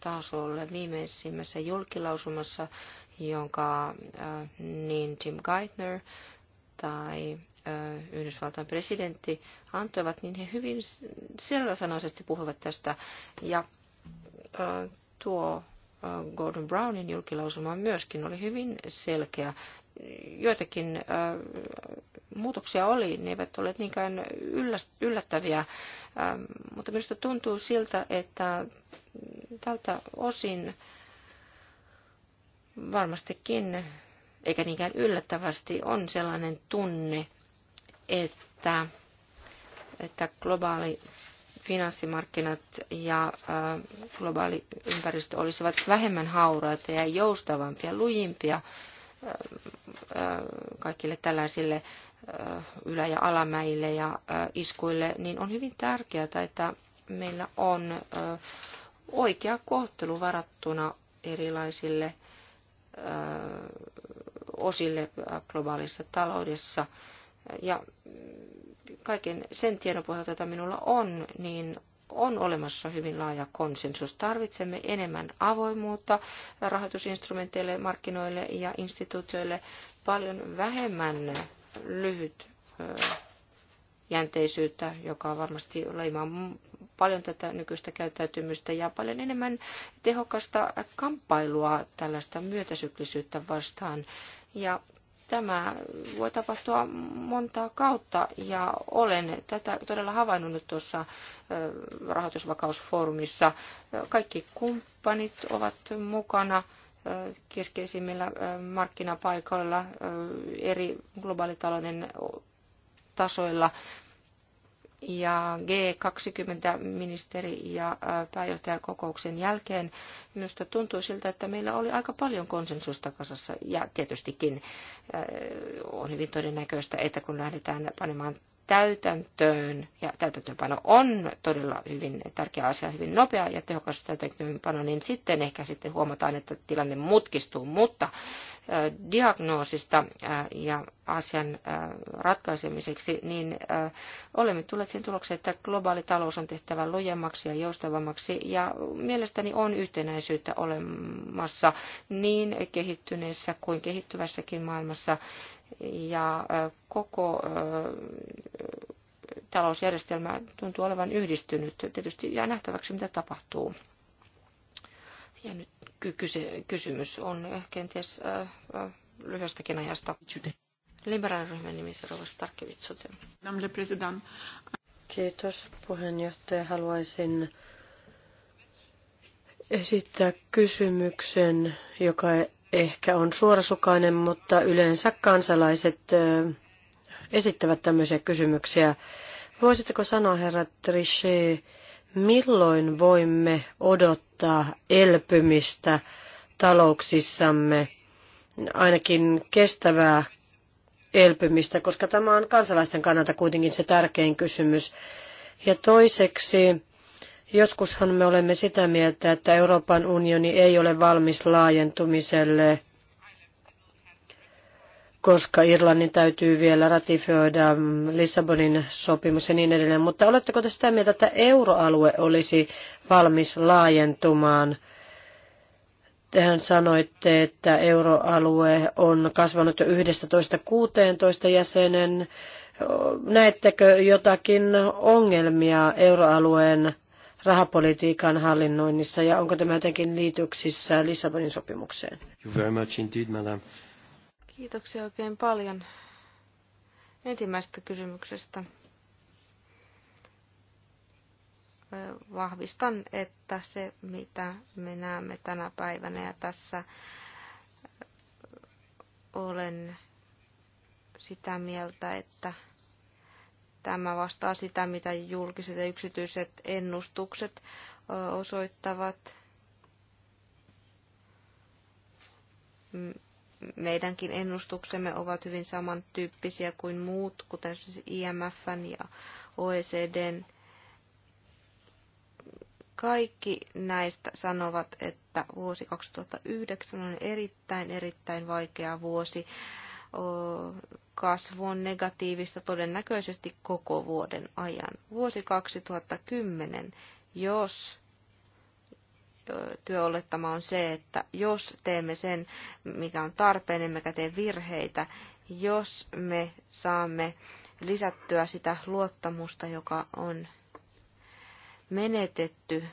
tasolle. Viimeisimmässä julkilausumassa, jonka niin Jim Geithner tai Yhdysvaltain presidentti antoivat, niin he hyvin selväsanaisesti puhuvat tästä. Ja tuo Gordon Brownin julkilausuma myöskin oli hyvin selkeä. Joitakin äh, muutoksia oli, ne eivät ole niinkään yllättäviä, ähm, mutta minusta tuntuu siltä, että tältä osin varmastikin, eikä niinkään yllättävästi, on sellainen tunne, että, että globaali finanssimarkkinat ja globaali ympäristö olisivat vähemmän hauraita ja joustavampia, lujimpia kaikille tällaisille ylä- ja alamäille ja iskuille, niin on hyvin tärkeää, että meillä on oikea kohtelu varattuna erilaisille osille globaalissa taloudessa – ja kaiken sen tiedon pohjalta, jota minulla on, niin on olemassa hyvin laaja konsensus. Tarvitsemme enemmän avoimuutta rahoitusinstrumenteille, markkinoille ja instituutioille, paljon vähemmän lyhyt jänteisyyttä, joka varmasti leimaa paljon tätä nykyistä käyttäytymistä ja paljon enemmän tehokasta kamppailua tällaista myötäsyklisyyttä vastaan. Ja Tämä voi tapahtua montaa kautta ja olen tätä todella havainnut nyt tuossa rahoitusvakausfoorumissa. Kaikki kumppanit ovat mukana keskeisimmillä markkinapaikoilla eri globaalitalouden tasoilla ja G20-ministeri ja äh, pääjohtajakokouksen jälkeen minusta tuntui siltä, että meillä oli aika paljon konsensusta kasassa. Ja tietystikin äh, on hyvin todennäköistä, että kun lähdetään panemaan täytäntöön. Ja täytäntöönpano on todella hyvin tärkeä asia, hyvin nopea ja tehokas täytäntöönpano, niin sitten ehkä sitten huomataan, että tilanne mutkistuu. Mutta äh, diagnoosista äh, ja asian äh, ratkaisemiseksi, niin olemme tulleet siihen tulokseen, että globaali talous on tehtävä lujemmaksi ja joustavammaksi, ja mielestäni on yhtenäisyyttä olemassa niin kehittyneessä kuin kehittyvässäkin maailmassa, ja koko talousjärjestelmä tuntuu olevan yhdistynyt. Tietysti jää nähtäväksi, mitä tapahtuu. Ja nyt kyse, kysymys on kenties äh, lyhyestäkin ajasta. Liberaaliryhmän nimissä Rova Starkevits. Kiitos puheenjohtaja. Haluaisin esittää kysymyksen, joka ehkä on suorasukainen, mutta yleensä kansalaiset äh, esittävät tämmöisiä kysymyksiä. Voisitteko sanoa, herra Trichet, milloin voimme odottaa elpymistä talouksissamme, ainakin kestävää elpymistä, koska tämä on kansalaisten kannalta kuitenkin se tärkein kysymys. Ja toiseksi, joskushan me olemme sitä mieltä, että Euroopan unioni ei ole valmis laajentumiselle koska Irlannin täytyy vielä ratifioida Lissabonin sopimus ja niin edelleen. Mutta oletteko te sitä mieltä, että euroalue olisi valmis laajentumaan? Tehän sanoitte, että euroalue on kasvanut jo 11-16 jäsenen. Näettekö jotakin ongelmia euroalueen rahapolitiikan hallinnoinnissa ja onko tämä jotenkin liityksissä Lissabonin sopimukseen? you very much indeed, madam. Kiitoksia oikein paljon ensimmäisestä kysymyksestä. Vahvistan, että se mitä me näemme tänä päivänä ja tässä olen sitä mieltä, että tämä vastaa sitä, mitä julkiset ja yksityiset ennustukset osoittavat mm, meidänkin ennustuksemme ovat hyvin samantyyppisiä kuin muut, kuten siis IMFn ja OECDn. Kaikki näistä sanovat, että vuosi 2009 on erittäin, erittäin vaikea vuosi. Kasvu on negatiivista todennäköisesti koko vuoden ajan. Vuosi 2010, jos työolettama on se, että jos teemme sen, mikä on tarpeen, emmekä tee virheitä, jos me saamme lisättyä sitä luottamusta, joka on menetetty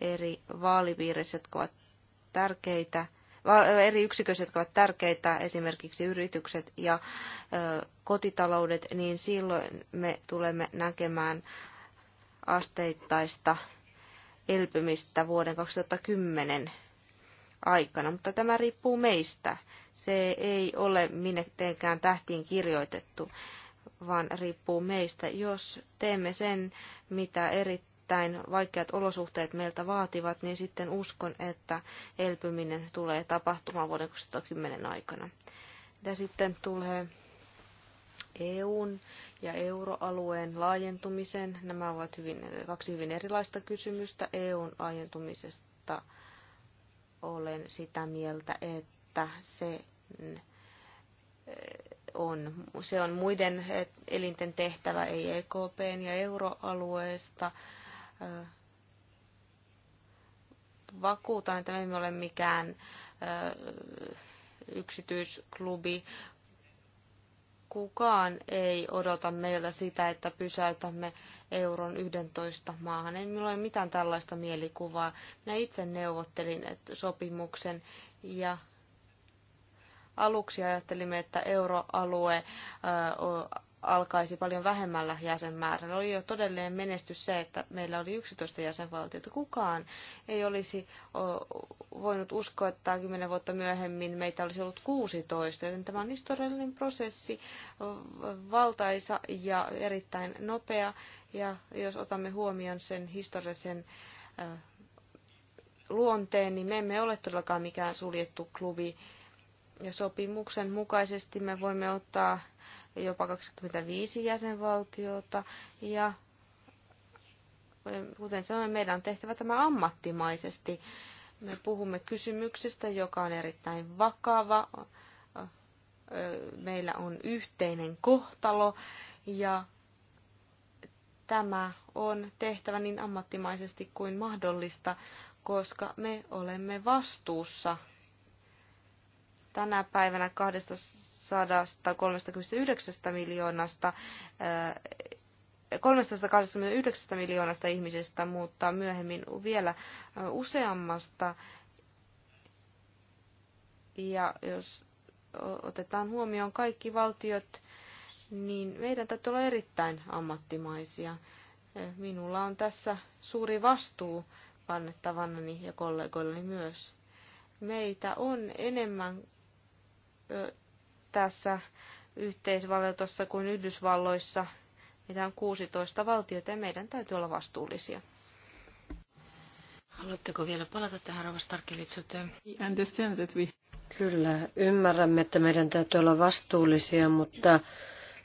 eri vaalipiireissä, jotka ovat tärkeitä, eri yksiköissä, jotka ovat tärkeitä, esimerkiksi yritykset ja kotitaloudet, niin silloin me tulemme näkemään asteittaista elpymistä vuoden 2010 aikana, mutta tämä riippuu meistä. Se ei ole minnekään tähtiin kirjoitettu, vaan riippuu meistä. Jos teemme sen, mitä erittäin vaikeat olosuhteet meiltä vaativat, niin sitten uskon, että elpyminen tulee tapahtumaan vuoden 2010 aikana. Ja sitten tulee EUn ja euroalueen laajentumisen. Nämä ovat hyvin, kaksi hyvin erilaista kysymystä. EUn laajentumisesta olen sitä mieltä, että se mm, on, se on muiden elinten tehtävä, ei EKPn ja euroalueesta vakuutan, että me emme ole mikään yksityisklubi, kukaan ei odota meiltä sitä, että pysäytämme euron 11 maahan. Ei minulla ole mitään tällaista mielikuvaa. Minä itse neuvottelin että sopimuksen ja aluksi ajattelimme, että euroalue alkaisi paljon vähemmällä jäsenmäärällä. Oli jo todellinen menestys se, että meillä oli 11 jäsenvaltiota. Kukaan ei olisi voinut uskoa, että 10 vuotta myöhemmin meitä olisi ollut 16, joten tämä on historiallinen prosessi, valtaisa ja erittäin nopea. Ja jos otamme huomioon sen historiallisen luonteen, niin me emme ole todellakaan mikään suljettu klubi. Ja sopimuksen mukaisesti me voimme ottaa jopa 25 jäsenvaltiota ja kuten sanoin, meidän on tehtävä tämä ammattimaisesti. Me puhumme kysymyksestä, joka on erittäin vakava. Meillä on yhteinen kohtalo ja tämä on tehtävä niin ammattimaisesti kuin mahdollista, koska me olemme vastuussa tänä päivänä 139 miljoonasta 389 miljoonasta ihmisestä, mutta myöhemmin vielä useammasta. Ja jos otetaan huomioon kaikki valtiot, niin meidän täytyy olla erittäin ammattimaisia. Minulla on tässä suuri vastuu kannettavanani ja kollegoillani myös. Meitä on enemmän tässä yhteisvaliotossa kuin Yhdysvalloissa, mitä on 16 valtiota, ja meidän täytyy olla vastuullisia. Haluatteko vielä palata tähän, Rova Kyllä, ymmärrämme, että meidän täytyy olla vastuullisia, mutta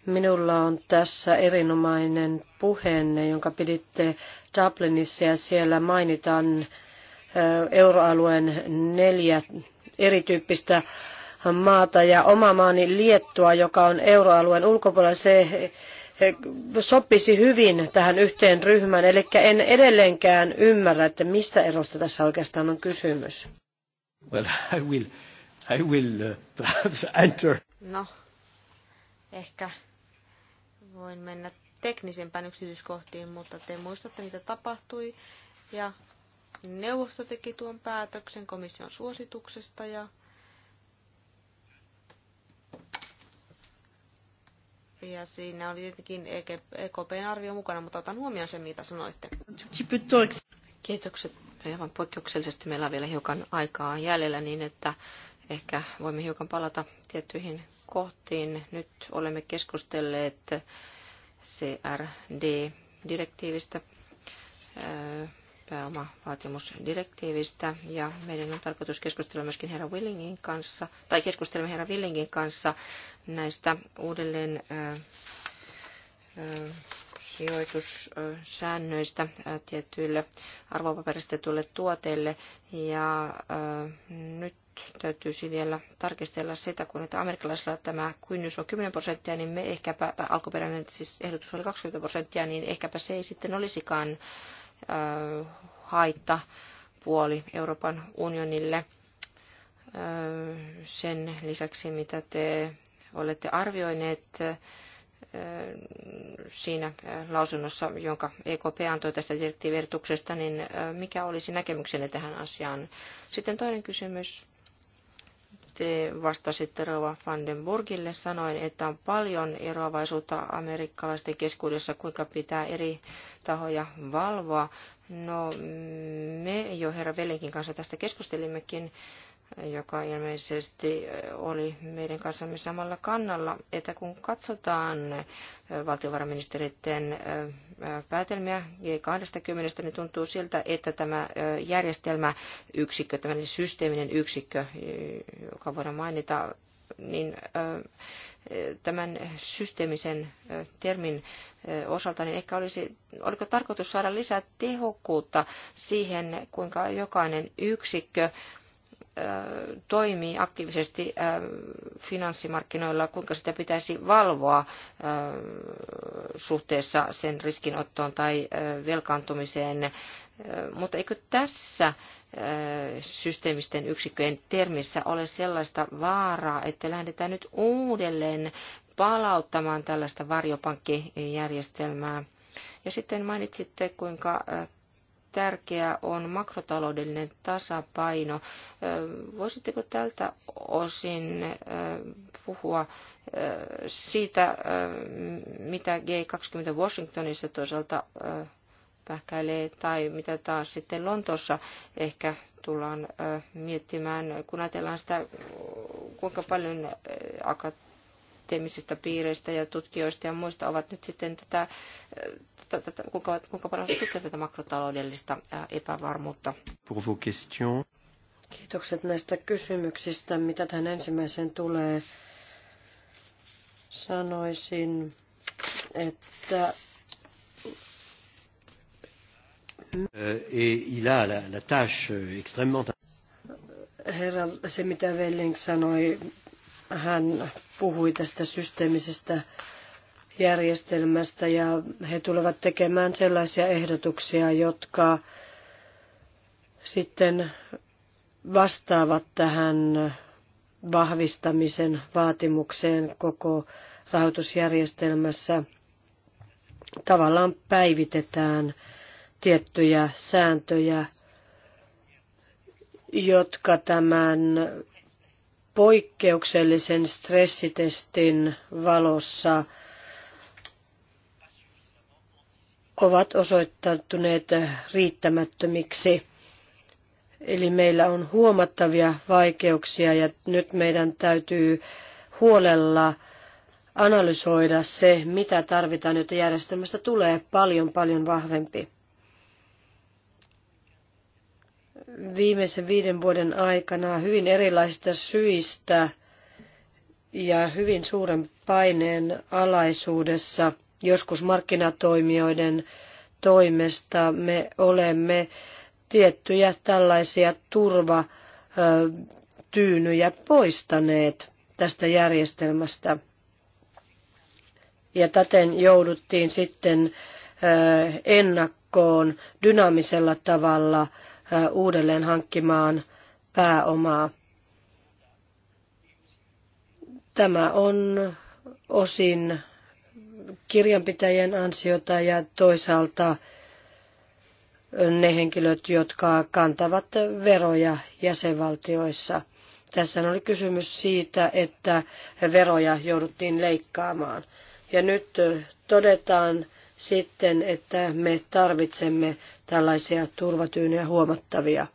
minulla on tässä erinomainen puheenne, jonka piditte Dublinissa ja siellä mainitaan euroalueen neljä erityyppistä maata ja oma maani Liettua, joka on euroalueen ulkopuolella, se sopisi hyvin tähän yhteen ryhmään. Eli en edelleenkään ymmärrä, että mistä erosta tässä oikeastaan on kysymys. Well, I will, I will uh, perhaps enter. No, ehkä voin mennä teknisempään yksityiskohtiin, mutta te muistatte, mitä tapahtui. Ja neuvosto teki tuon päätöksen komission suosituksesta ja ja siinä oli tietenkin EKPn e arvio mukana, mutta otan huomioon sen, mitä sanoitte. Kiitokset. Aivan poikkeuksellisesti meillä on vielä hiukan aikaa jäljellä niin, että ehkä voimme hiukan palata tiettyihin kohtiin. Nyt olemme keskustelleet CRD-direktiivistä pääomavaatimusdirektiivistä ja meidän on tarkoitus keskustella myöskin herra Willingin kanssa, tai keskustelemme herra Willingin kanssa näistä uudelleen sijoitussäännöistä tietyille arvopaperistetuille tuoteille. Ja nyt täytyisi vielä tarkistella sitä, kun että amerikkalaisilla tämä kynnys on 10 prosenttia, niin me ehkäpä, tai alkuperäinen siis ehdotus oli 20 prosenttia, niin ehkäpä se ei sitten olisikaan äh, haittapuoli Euroopan unionille. Sen lisäksi, mitä te olette arvioineet siinä lausunnossa, jonka EKP antoi tästä direktiivirtuksesta, niin mikä olisi näkemyksenne tähän asiaan? Sitten toinen kysymys te vastasitte Rova van Burgille, että on paljon eroavaisuutta amerikkalaisten keskuudessa, kuinka pitää eri tahoja valvoa. No, me jo herra Vellinkin kanssa tästä keskustelimmekin joka ilmeisesti oli meidän kanssamme samalla kannalla, että kun katsotaan valtiovarainministeriöiden päätelmiä G20, niin tuntuu siltä, että tämä järjestelmäyksikkö, tämmöinen niin systeeminen yksikkö, joka voidaan mainita, niin tämän systeemisen termin osalta, niin ehkä olisi, oliko tarkoitus saada lisää tehokkuutta siihen, kuinka jokainen yksikkö toimii aktiivisesti finanssimarkkinoilla, kuinka sitä pitäisi valvoa suhteessa sen riskinottoon tai velkaantumiseen. Mutta eikö tässä systeemisten yksikköjen termissä ole sellaista vaaraa, että lähdetään nyt uudelleen palauttamaan tällaista varjopankkijärjestelmää? Ja sitten mainitsitte, kuinka tärkeää on makrotaloudellinen tasapaino. Voisitteko tältä osin puhua siitä, mitä G20 Washingtonissa toisaalta pähkäilee tai mitä taas sitten Lontossa ehkä tullaan miettimään, kun ajatellaan sitä, kuinka paljon akateemisista piireistä ja tutkijoista ja muista ovat nyt sitten tätä, äh, tätä kuinka, kuinka paljon tutkivat tätä makrotaloudellista äh, epävarmuutta. Pour vos questions. Kiitokset näistä kysymyksistä. Mitä tähän ensimmäiseen tulee, sanoisin, että eh, et il a la, la tâche extrêmement Herra, se mitä Velling sanoi, hän puhui tästä systeemisestä järjestelmästä ja he tulevat tekemään sellaisia ehdotuksia, jotka sitten vastaavat tähän vahvistamisen vaatimukseen koko rahoitusjärjestelmässä. Tavallaan päivitetään tiettyjä sääntöjä, jotka tämän poikkeuksellisen stressitestin valossa ovat osoittautuneet riittämättömiksi. Eli meillä on huomattavia vaikeuksia ja nyt meidän täytyy huolella analysoida se, mitä tarvitaan, jotta järjestelmästä tulee paljon paljon vahvempi. viimeisen viiden vuoden aikana hyvin erilaisista syistä ja hyvin suuren paineen alaisuudessa, joskus markkinatoimijoiden toimesta me olemme tiettyjä tällaisia turvatyynyjä poistaneet tästä järjestelmästä. Ja täten jouduttiin sitten ennakkoon dynaamisella tavalla – uudelleen hankkimaan pääomaa. Tämä on osin kirjanpitäjien ansiota ja toisaalta ne henkilöt, jotka kantavat veroja jäsenvaltioissa. Tässä oli kysymys siitä, että veroja jouduttiin leikkaamaan. Ja nyt todetaan, sitten, että me tarvitsemme tällaisia turvatyynyjä huomattavia.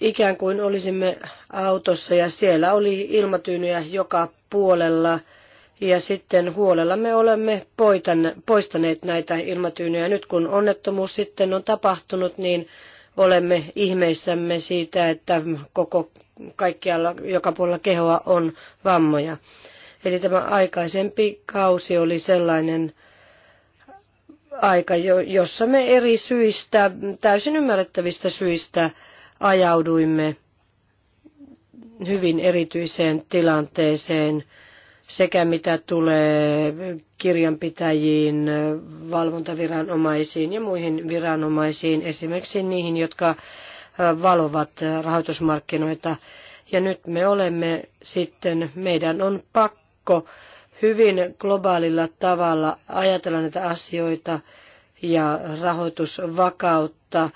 Ikään kuin olisimme autossa ja siellä oli ilmatyynyjä joka puolella ja sitten huolella me olemme poistaneet näitä ilmatyynyjä. Nyt kun onnettomuus sitten on tapahtunut, niin olemme ihmeissämme siitä, että koko kaikkialla, joka puolella kehoa on vammoja. Eli tämä aikaisempi kausi oli sellainen aika, jossa me eri syistä, täysin ymmärrettävistä syistä ajauduimme hyvin erityiseen tilanteeseen sekä mitä tulee kirjanpitäjiin, valvontaviranomaisiin ja muihin viranomaisiin, esimerkiksi niihin, jotka valvovat rahoitusmarkkinoita. Ja nyt me olemme sitten, meidän on pakko hyvin globaalilla tavalla ajatella näitä asioita ja rahoitusvakautta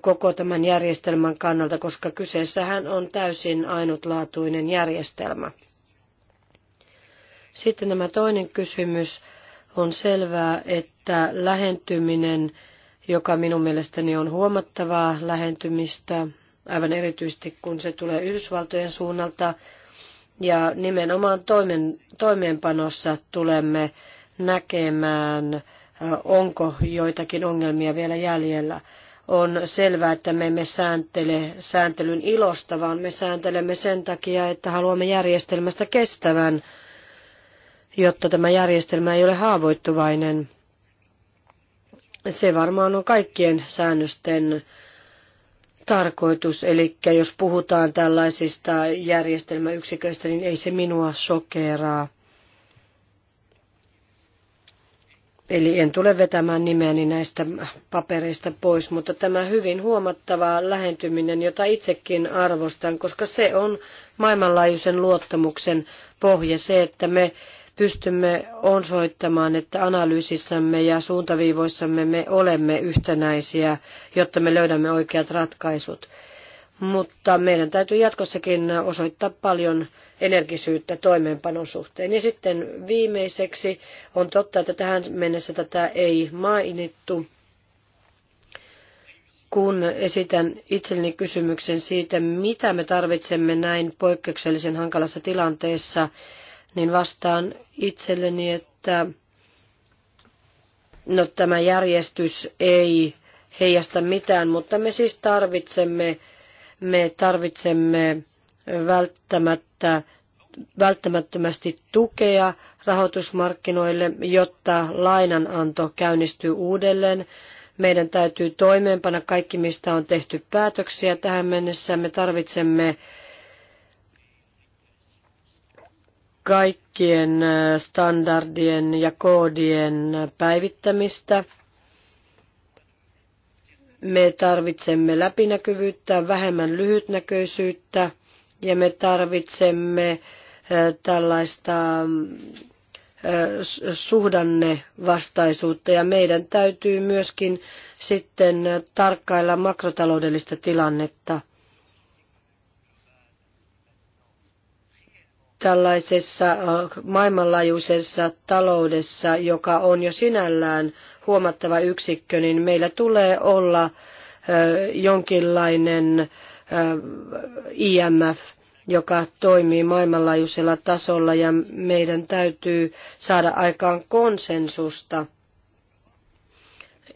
koko tämän järjestelmän kannalta, koska kyseessähän on täysin ainutlaatuinen järjestelmä. Sitten tämä toinen kysymys on selvää, että lähentyminen joka minun mielestäni on huomattavaa lähentymistä, aivan erityisesti kun se tulee Yhdysvaltojen suunnalta. Ja nimenomaan toimen, toimeenpanossa tulemme näkemään, onko joitakin ongelmia vielä jäljellä. On selvää, että me emme sääntele sääntelyn ilosta, vaan me sääntelemme sen takia, että haluamme järjestelmästä kestävän, jotta tämä järjestelmä ei ole haavoittuvainen – se varmaan on kaikkien säännösten tarkoitus. Eli jos puhutaan tällaisista järjestelmäyksiköistä, niin ei se minua sokeraa. Eli en tule vetämään nimeäni näistä papereista pois, mutta tämä hyvin huomattava lähentyminen, jota itsekin arvostan, koska se on maailmanlaajuisen luottamuksen pohja, se, että me pystymme osoittamaan, että analyysissämme ja suuntaviivoissamme me olemme yhtenäisiä, jotta me löydämme oikeat ratkaisut. Mutta meidän täytyy jatkossakin osoittaa paljon energisyyttä toimeenpanon suhteen. Ja sitten viimeiseksi on totta, että tähän mennessä tätä ei mainittu, kun esitän itselleni kysymyksen siitä, mitä me tarvitsemme näin poikkeuksellisen hankalassa tilanteessa, niin vastaan itselleni, että no, tämä järjestys ei heijasta mitään, mutta me siis tarvitsemme, me tarvitsemme välttämättä, välttämättömästi tukea rahoitusmarkkinoille, jotta lainananto käynnistyy uudelleen. Meidän täytyy toimeenpana kaikki, mistä on tehty päätöksiä tähän mennessä. Me tarvitsemme kaikkien äh, standardien ja koodien päivittämistä. Me tarvitsemme läpinäkyvyyttä, vähemmän lyhytnäköisyyttä ja me tarvitsemme äh, tällaista mm, äh, suhdannevastaisuutta ja meidän täytyy myöskin sitten tarkkailla makrotaloudellista tilannetta – tällaisessa äh, maailmanlaajuisessa taloudessa, joka on jo sinällään huomattava yksikkö, niin meillä tulee olla äh, jonkinlainen äh, IMF, joka toimii maailmanlaajuisella tasolla ja meidän täytyy saada aikaan konsensusta.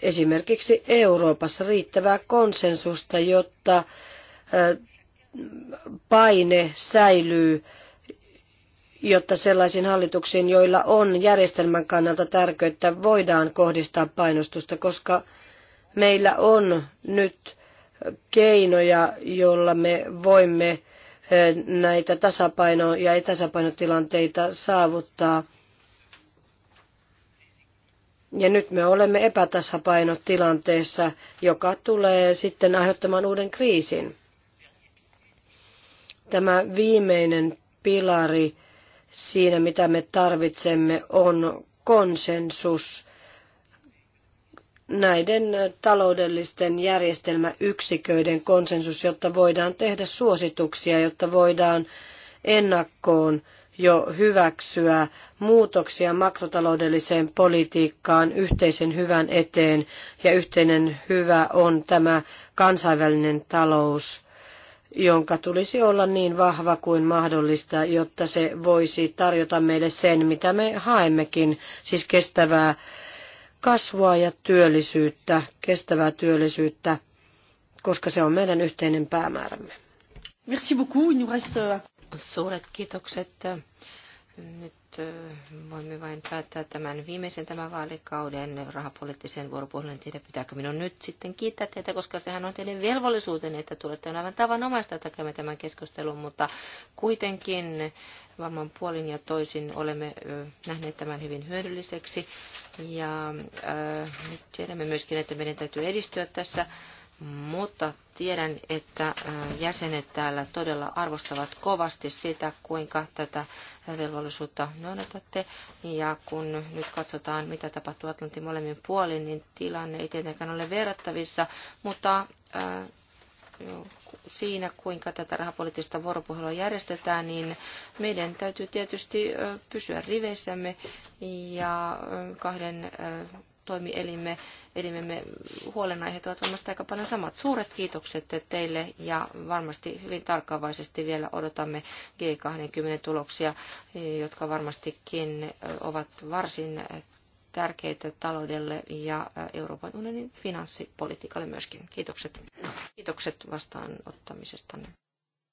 Esimerkiksi Euroopassa riittävää konsensusta, jotta paine säilyy jotta sellaisiin hallituksiin, joilla on järjestelmän kannalta tärkeyttä, voidaan kohdistaa painostusta, koska meillä on nyt keinoja, joilla me voimme eh, näitä tasapaino- ja etäsapainotilanteita saavuttaa. Ja nyt me olemme epätasapainotilanteessa, joka tulee sitten aiheuttamaan uuden kriisin. Tämä viimeinen pilari siinä, mitä me tarvitsemme, on konsensus näiden taloudellisten järjestelmäyksiköiden konsensus, jotta voidaan tehdä suosituksia, jotta voidaan ennakkoon jo hyväksyä muutoksia makrotaloudelliseen politiikkaan yhteisen hyvän eteen, ja yhteinen hyvä on tämä kansainvälinen talous – jonka tulisi olla niin vahva kuin mahdollista, jotta se voisi tarjota meille sen, mitä me haemmekin, siis kestävää kasvua ja työllisyyttä, kestävää työllisyyttä, koska se on meidän yhteinen päämäärämme. Merci beaucoup. Il nous reste... Euh, Suuret kiitokset. Nyt voimme vain päättää tämän viimeisen tämän vaalikauden rahapoliittisen vuoropuhelun. En tiedä, pitääkö minun nyt sitten kiittää teitä, koska sehän on teidän velvollisuuteni että tulette aivan tavanomaista, että tämän keskustelun, mutta kuitenkin vamman puolin ja toisin olemme nähneet tämän hyvin hyödylliseksi. Ja äh, nyt tiedämme myöskin, että meidän täytyy edistyä tässä mutta tiedän, että äh, jäsenet täällä todella arvostavat kovasti sitä, kuinka tätä velvollisuutta noudatatte. Ja kun nyt katsotaan, mitä tapahtuu Atlantin molemmin puolin, niin tilanne ei tietenkään ole verrattavissa, mutta äh, siinä, kuinka tätä rahapoliittista vuoropuhelua järjestetään, niin meidän täytyy tietysti äh, pysyä riveissämme ja kahden toimielimme elimemme huolenaiheet ovat varmasti aika paljon samat. Suuret kiitokset teille ja varmasti hyvin tarkkaavaisesti vielä odotamme G20 tuloksia, jotka varmastikin ovat varsin tärkeitä taloudelle ja Euroopan unionin finanssipolitiikalle myöskin. Kiitokset. Kiitokset vastaanottamisestanne.